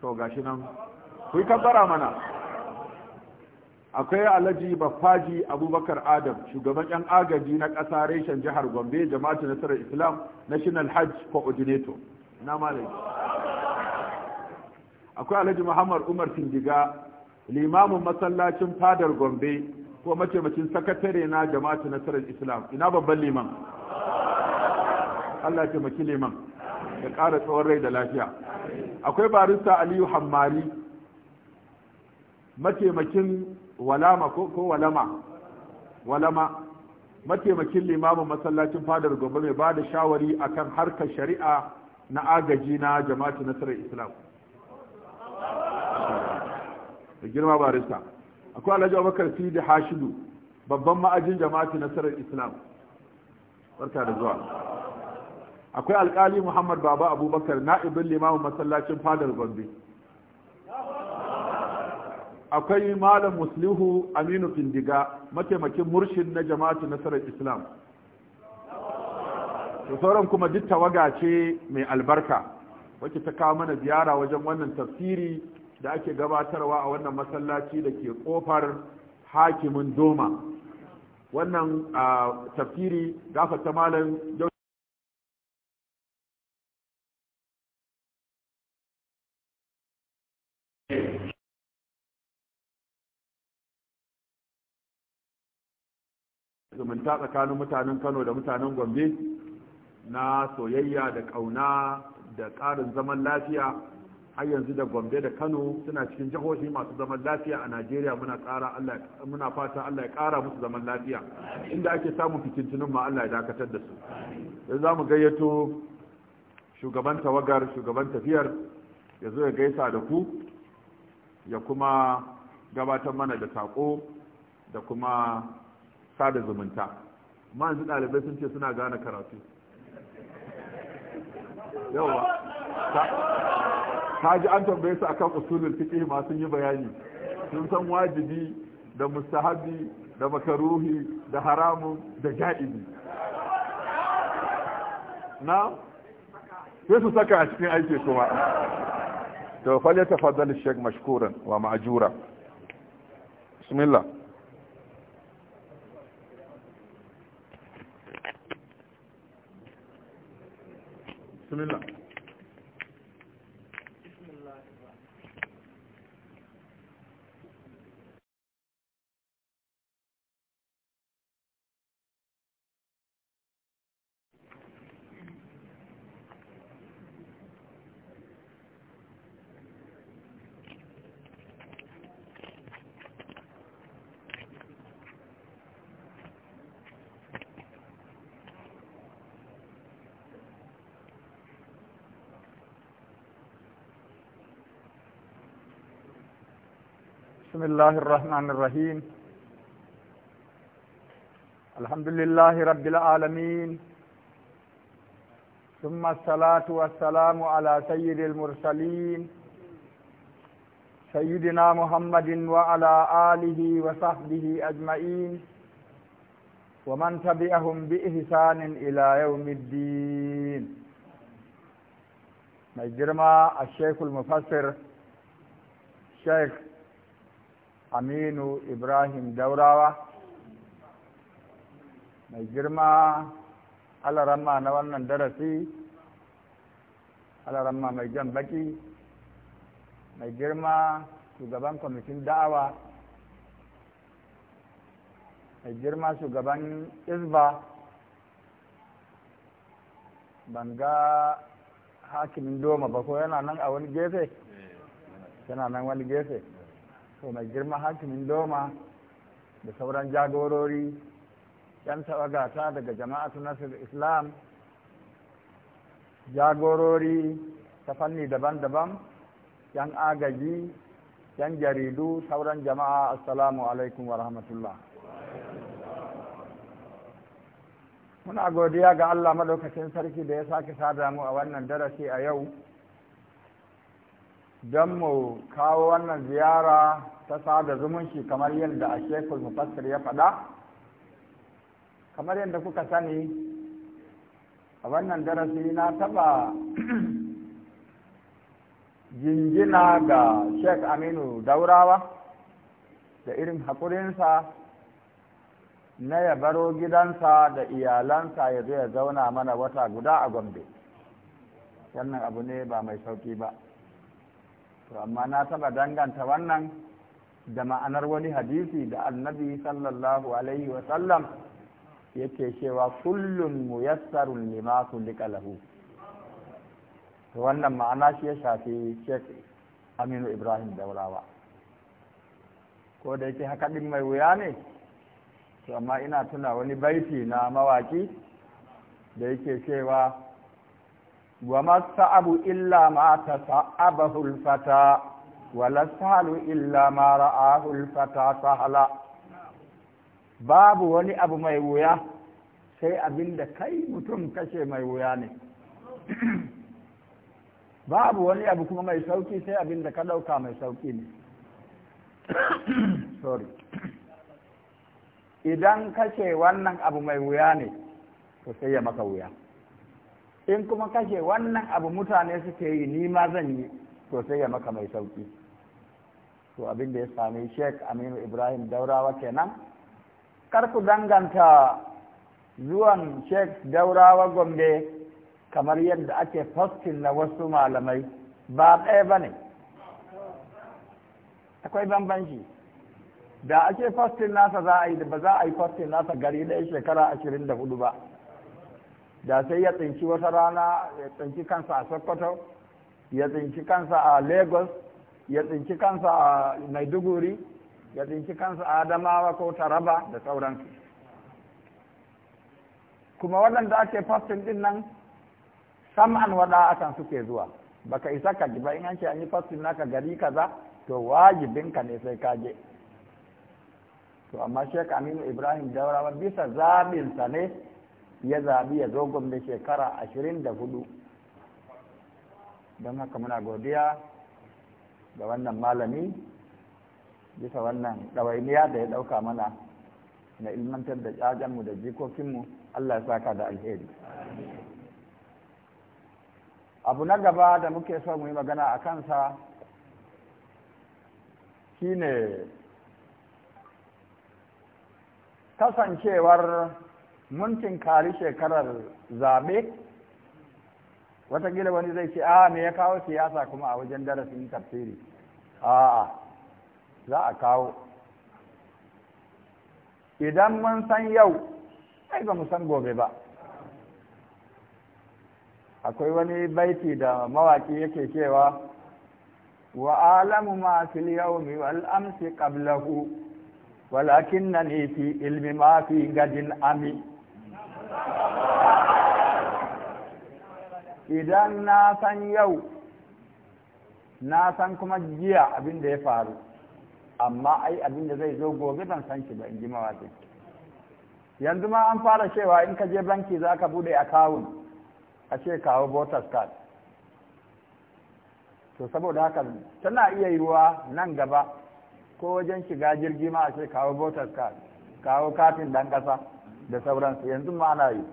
to gashi nan ku yi kabbara mana akwai alhaji bafaji abubakar adam shugaban yan agaji na ƙasa reshen jihar gombe jama'atu nasarar islam national hajj coordinator ina malam akwai alhaji muhammad umar tindiga limamin masallacin fadar gombe ko mace sakatare na jama'atu nasarar islam ina babban liman Allah ya taimaki liman ya ƙara tsawon rai da lafiya akwai barista aliyu hammari mataimakin walama ko walama walama mataimakin limamin masallacin fadar gobe mai ba da shawari akan harkar shari'a na agaji na jama'atu nasarar islam da girma barista akwai alhaji abubakar sidi hashidu babban ma'ajin jama'atu nasarar islam barka da zuwa akwai Alƙali muhammad baba abubakar na'ibin limamin masallacin fadar gombe akwai malam muslihu aminu findiga mataimakin murshin na jama'atu nasarar islam da kuma duk tawaga ce mai albarka wacce ta kawo mana ziyara wajen wannan tafsiri da ake gabatarwa a wannan masallaci da ke kofar hakimin doma wannan ah, tafsiri gafata malam zumunta tsakanin mutanen kano da mutanen gombe na soyayya da kauna da ƙarin zaman lafiya har yanzu da gombe da kano suna cikin jihohi masu zaman lafiya a najeriya muna fata allah ya kara musu zaman lafiya inda ake samun fitintunin ma allah ya dakatar da su yanzu za mu gayyato shugaban tawagar shugaban tafiyar ya zo ya gaisa da ku ya kuma gabatar mana da saƙo da kuma sada zumunta ma yanzu ɗalibai sun ce suna gane karatu yawa ta ji an tambaye su akan usulul fiqh ma sun yi bayani sun san wajibi da mustahabi da makaruhi da haramun da ja'ibi na sai su saka a cikin aiki kuma to fal ya tafaddal mashkuran wa ma'jura bismillah بسم الله بسم الله الرحمن الرحيم الحمد لله رب العالمين ثم الصلاة والسلام على سيد المرسلين سيدنا محمد وعلى آله وصحبه أجمعين ومن تبعهم بإحسان إلى يوم الدين مجرما الشيخ المفسر الشيخ aminu ibrahim daurawa mai girma alarama na wannan darasi alarama mai jan baki mai girma shugaban kwamitin da'awa mai girma shugaban ban banga hakimin doma ba ko yana nan a wani gefe eh, yana nan wani gefe So mai girma hakimin doma da sauran jagorori yan gata daga jama'atu nasir islam jagorori ta fanni daban-daban yan agaji yan jaridu sauran jama'a assalamu alaikum wa rahmatullah muna godiya ga allah maɗaukacin sarki da ya sake sada mu a wannan darasi a yau don mu kawo wannan ziyara ta sada zumunci kamar yadda a shekul mufassir ya faɗa kamar yadda kuka sani a wannan darasi na taɓa <clears throat> jingina ga shek aminu daurawa da irin haƙurinsa na ya baro gidansa da iyalansa ya zo ya zauna mana wata guda a gombe wannan abu ne ba mai sauƙi ba to amma na taba danganta wannan da ma'anar wani hadisi da annabi sallallahu alaihi wa sallam yake cewa kullum muyassarun lima kulika lahu to wannan ma'ana shi ya shafi Sheikh Aminu Ibrahim Daulawa ko da yake haka din mai wuya ne to amma ina tuna wani baiti na mawaƙi da yake cewa وما الصعب إلا ما تصعبه الفتى ولا illa ma ما رآه الفتى sahala babu wani abu mai wuya sai abin da kai mutum kashe mai wuya ne babu wani abu kuma mai sauki sai abin da ka ɗauka mai sauki ne sorry idan kashe wannan abu mai wuya ne to sai ya maka wuya in kuma kashe wannan abu mutane suke yi ni ma zan yi to sai ya maka mai sauki to abin da ya sami shek aminu ibrahim daurawa kenan kar ku danganta zuwan shek daurawa gombe kamar yadda ake fostin na wasu malamai ba ɗaya ba ne akwai bambanci da ake fostin nasa za a yi ba za a yi fostin nasa gari ɗaya shekara ashirin da hudu ba da sai ya tsinci wata rana ya tsinci kansa a sokoto ya tsinci kansa a lagos ya tsinci kansa a maiduguri ya tsinci kansa a adamawa ko taraba da sauransu kuma waɗanda ake fastin din nan sam'an a akan suke zuwa baka isa ka ji ba in an ce an yi fastin naka gari kaza to wajibinka ne sai ka je to amma shek aminu ibrahim daurawa bisa zaɓinsa ne ya zaɓi ya zo gombe shekara ashirin da hudu don haka muna godiya ga wannan malami bisa wannan ɗawainiya da ya ɗauka mana na ilmantar da ƙyajenmu da jikokinmu Allah ya saka da alheri abu na gaba da muke so mu yi magana a kansa shine kasancewar mun tinkari shekarar zaɓe watakila wani zai ce a me ya kawo siyasa kuma a wajen darasin tafsiri a'a za a kawo idan mun san yau ai ba mu san gobe ba akwai wani baiti da mawaki yake cewa wa alamu ma fil yawmi wal amsi qablahu ni fi ilmi ma fi gadin ami idan na san yau na san kuma jiya abin da ya faru amma ai abin da zai zo gobe ban san shi ba in ji mawaƙi yanzu ma an fara cewa in ka je banki za ka buɗe akawun a ce kawo voters card to saboda haka tana iya yiwuwa nan gaba ko wajen shiga jirgi ma a ce kawo voters card kawo katin ɗan ƙasa da sauransu yanzu ma ana yi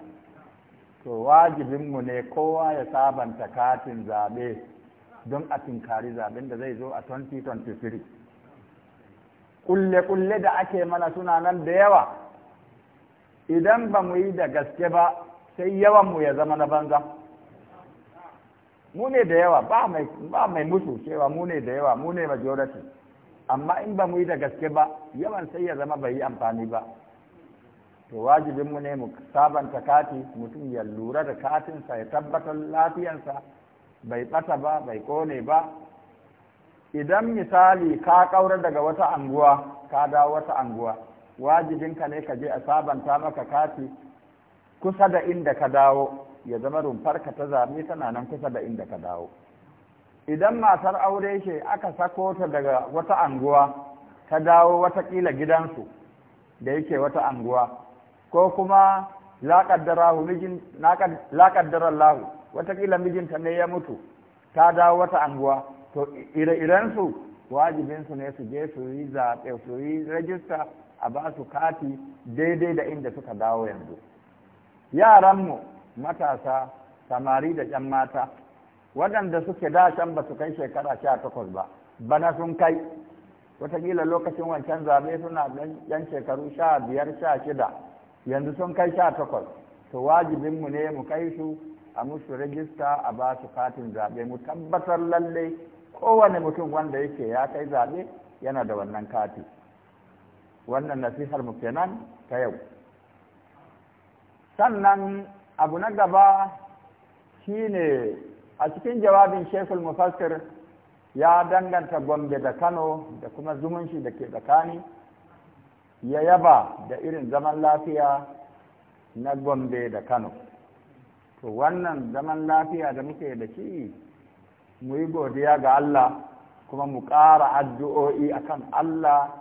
to wajibinmu ne kowa ya sabanta katin zaɓe don a tinkari zaɓen da zai zo a 2023 kulle-kulle da ake mana suna nan da yawa idan ba mu yi da gaske ba sai yawanmu ya zama na banza mu ne da yawa ba mai musu cewa mu ne da yawa mu ne majority amma in ba mu yi da gaske ba yawan sai ya zama bai yi amfani ba to wajibinmu ne mu sabanta kati mutum ya lura da katinsa ya tabbatar lafiyansa bai bata ba bai kone ba idan misali ka kaura daga wata anguwa ka dawo wata anguwa wajibinka ne ka je a sabanta maka kati kusa da inda ka dawo ya zama rumfarka ta zaɓe tana nan kusa da inda ka dawo idan matar aure ce aka sako ta daga wata anguwa ta dawo watakila gidansu da yake wata anguwa ko kuma la qaddarahu mijin Allah watakila mijinta ne ya mutu ta dawo wata anguwa to ire-iren su wajibin ne su je su yi zaɓe su yi rajista a ba su kati daidai da inda suka dawo yanzu yaranmu matasa samari da ƴan mata waɗanda suke da can ba su kai shekara sha takwas ba bana sun kai Wataƙila lokacin wancan zaɓe suna ɗan shekaru sha biyar sha shida yanzu sun kai sha takwas to wajibinmu ne mu kai su a musu rajista a ba su katin zaɓe mu tabbatar lalle kowane mutum wanda yake ya kai zaɓe yana da wannan kati wannan nasihar mu kenan ta yau sannan abu na gaba shi ne a cikin jawabin shekul mufassir ya danganta gombe da kano da kuma zumunci da ke tsakani ya yaba da irin zaman lafiya na gombe da kano to wannan zaman lafiya da muke da shi mu yi godiya ga allah kuma mu ƙara addu'o'i a kan allah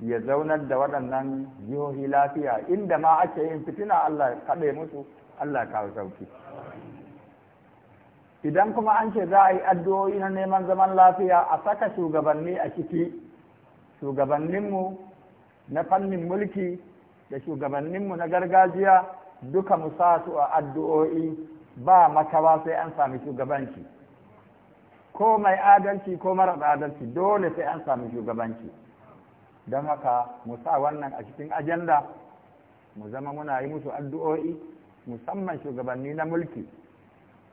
ya zaunar da waɗannan jihohi lafiya inda ma ake yin fitina allah kaɗe musu allah kawo sauki idan kuma an ce za a yi addu'o'i na neman zaman lafiya a saka shugabanni a ciki shugabanninmu na fannin mulki da shugabanninmu na gargajiya duka mu sa su a addu'o'i ba makawa sai an sami shugabanci ko mai adalci ko marar adalci dole sai an sami shugabanci don haka mu sa wannan a cikin ajanda mu zama muna yi musu addu'o'i musamman shugabanni na mulki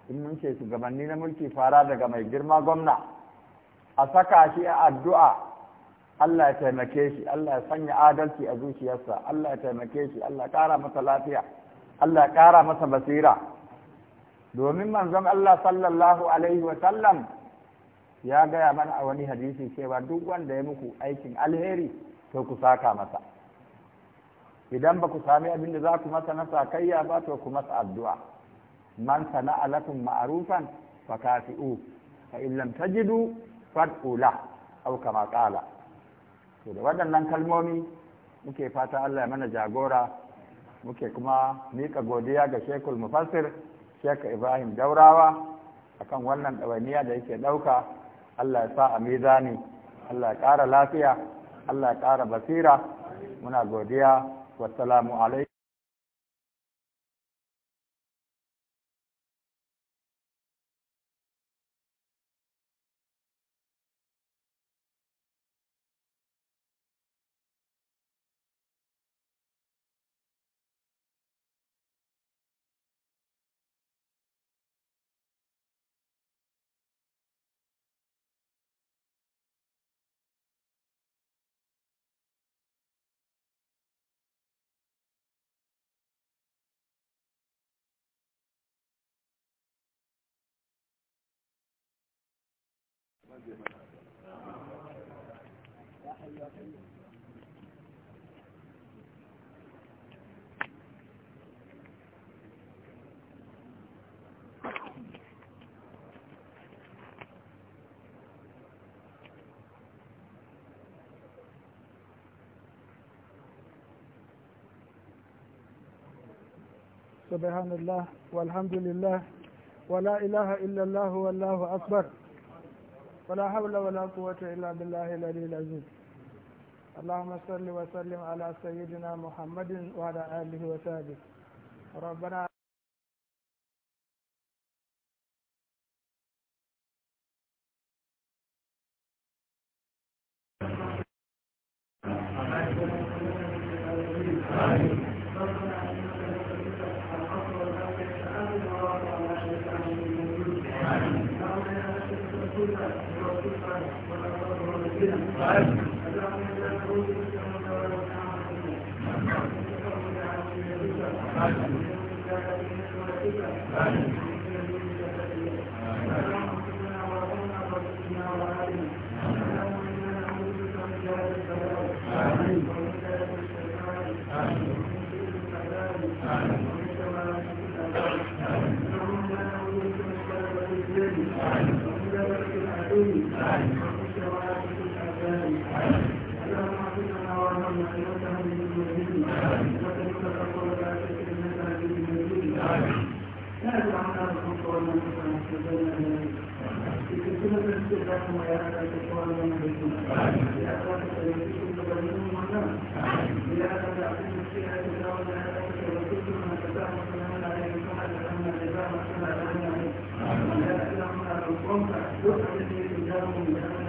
in mun ce shugabanni na mulki fara daga mai girma gwamna a saka shi a addu'a Allah ya taimake shi Allah ya sanya adalci a zuciyarsa Allah ya taimake shi Allah ya ƙara masa lafiya Allah ya ƙara masa basira domin manzon Allah sallallahu alaihi wa sallam ya gaya mana a wani hadisi cewa duk wanda ya muku aikin alheri to ku saka masa idan ba ku sami abin da za ku masa na sakayya ba to ku masa addu'a man sana'a ma'arufan ma'rufan fakafi'u fa in lam tajidu fad'u la kama qala to da waɗannan kalmomi muke fata Allah ya mana jagora muke kuma miƙa godiya ga Shekul Mufassir Shek Ibrahim Daurawa akan wannan ɗawainiya da yake ɗauka Allah ya sa a mizani Allah ya ƙara lafiya Allah ya ƙara basira muna godiya wassalamu alaikum سبحان الله والحمد لله ولا إله إلا الله والله أكبر ولا حول ولا قوة إلا بالله العلي العزيز اللهم صل وسلم على سيدنا محمد وعلى آله وصحبه ربنا Thank you.